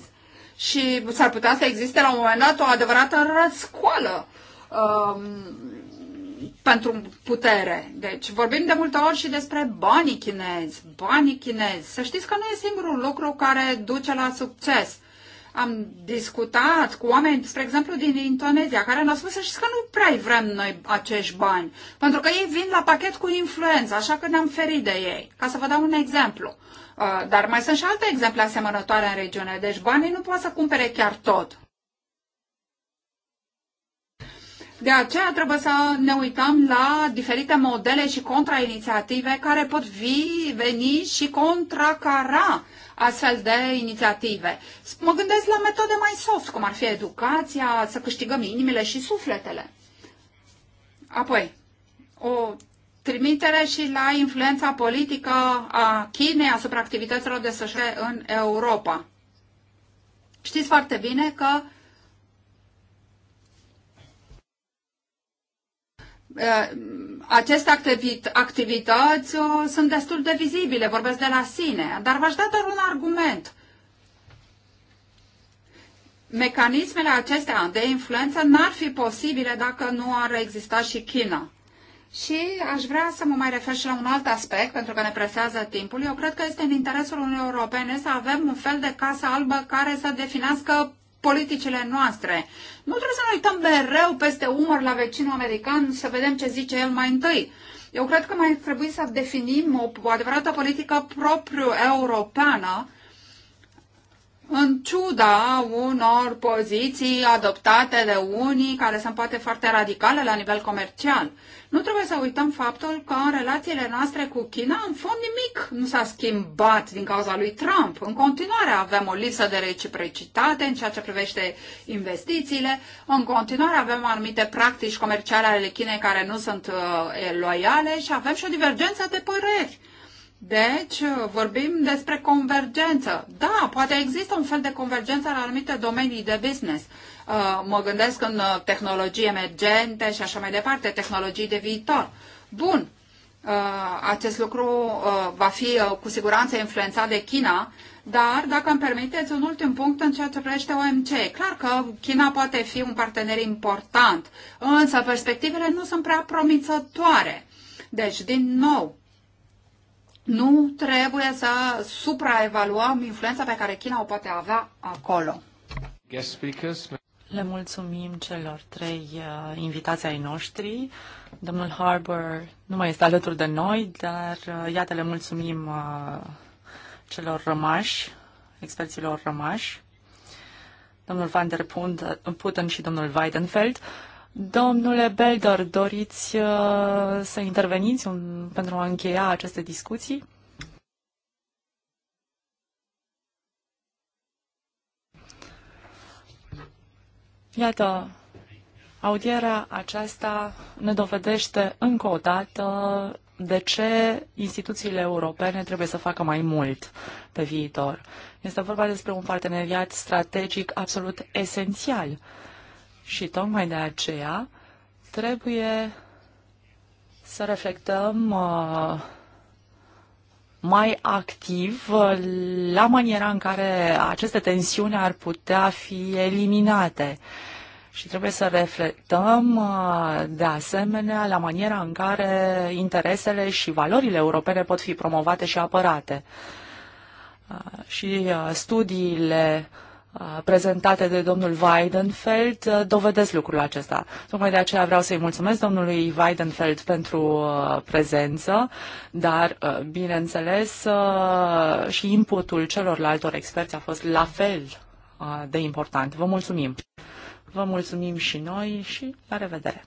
Și s-ar putea să existe la un moment dat o adevărată răscoală. Um, pentru putere. Deci vorbim de multe ori și despre banii chinezi, banii chinezi. Să știți că nu e singurul lucru care duce la succes. Uh, am discutat cu oameni, spre exemplu, din Indonezia, care ne-au spus și că nu prea vrem noi acești bani, pentru că ei vin la pachet cu influență, așa că ne-am ferit de ei. Ca să vă dau un exemplu. Uh, dar mai sunt și alte exemple asemănătoare în regiune, deci banii nu pot să cumpere chiar tot. De aceea trebuie să ne uităm la diferite modele și contrainițiative care pot vi, veni și contracara astfel de inițiative. Mă gândesc la metode mai soft, cum ar fi educația, să câștigăm inimile și sufletele. Apoi, o trimitere și la influența politică a Chinei asupra activităților de sășe în Europa. Știți foarte bine că Uh, aceste activit activități uh, sunt destul de vizibile, vorbesc de la sine, dar v-aș da doar un argument. Mecanismele acestea de influență n-ar fi posibile dacă nu ar exista și China. Și aș vrea să mă mai refer și la un alt aspect, pentru că ne presează timpul. Eu cred că este în interesul Uniunii Europene să avem un fel de casă albă care să definească politicile noastre. Nu trebuie să ne uităm mereu peste umăr la vecinul american să vedem ce zice el mai întâi. Eu cred că mai trebuie să definim o, o adevărată politică propriu europeană în ciuda unor poziții adoptate de unii care sunt poate foarte radicale la nivel comercial. Nu trebuie să uităm faptul că în relațiile noastre cu China, în fond, nimic nu s-a schimbat din cauza lui Trump. În continuare avem o lipsă de reciprocitate în ceea ce privește investițiile, în continuare avem anumite practici comerciale ale Chinei care nu sunt uh, loiale și avem și o divergență de păreri deci, vorbim despre convergență. Da, poate există un fel de convergență în anumite domenii de business. Uh, mă gândesc în uh, tehnologii emergente și așa mai departe, tehnologii de viitor. Bun, uh, acest lucru va fi cu siguranță influențat de China, dar dacă îmi permiteți un ultim punct în ceea ce privește OMC, e clar că China poate fi un partener important, însă perspectivele nu sunt prea promițătoare. Deci, din nou, nu trebuie să supraevaluăm influența pe care China o poate avea acolo. Le mulțumim celor trei uh, invitații ai noștri. Domnul Harbour nu mai este alături de noi, dar uh, iată le mulțumim uh, celor rămași, experților rămași, domnul Van der uh, Putten și domnul Weidenfeld. Uh, Domnule Belder, doriți uh, să interveniți un, pentru a încheia aceste discuții? Iată, audierea aceasta ne dovedește încă o dată de ce instituțiile europene trebuie să facă mai mult pe viitor. Este vorba despre un parteneriat strategic absolut esențial și tocmai de aceea trebuie să reflectăm uh, mai activ uh, la maniera în care aceste tensiuni ar putea fi eliminate. Și trebuie să reflectăm, uh, de asemenea, la maniera în care interesele și valorile europene pot fi promovate și apărate. Și studiile uh, prezentate de domnul Weidenfeld dovedesc lucrul acesta. Tocmai de aceea vreau să-i mulțumesc domnului Weidenfeld pentru prezență, dar, bineînțeles, și inputul celorlaltor experți a fost la fel de important. Vă mulțumim! Vă mulțumim și noi și la revedere!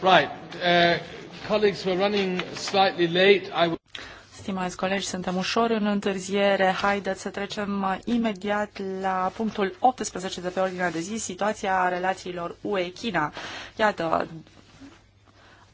Right. Uh, colleagues, we're running slightly late. I Stimați colegi, suntem ușor în întârziere. Haideți să trecem uh, imediat la punctul 18 de pe ordinea de zi, situația relațiilor UE-China. Iată,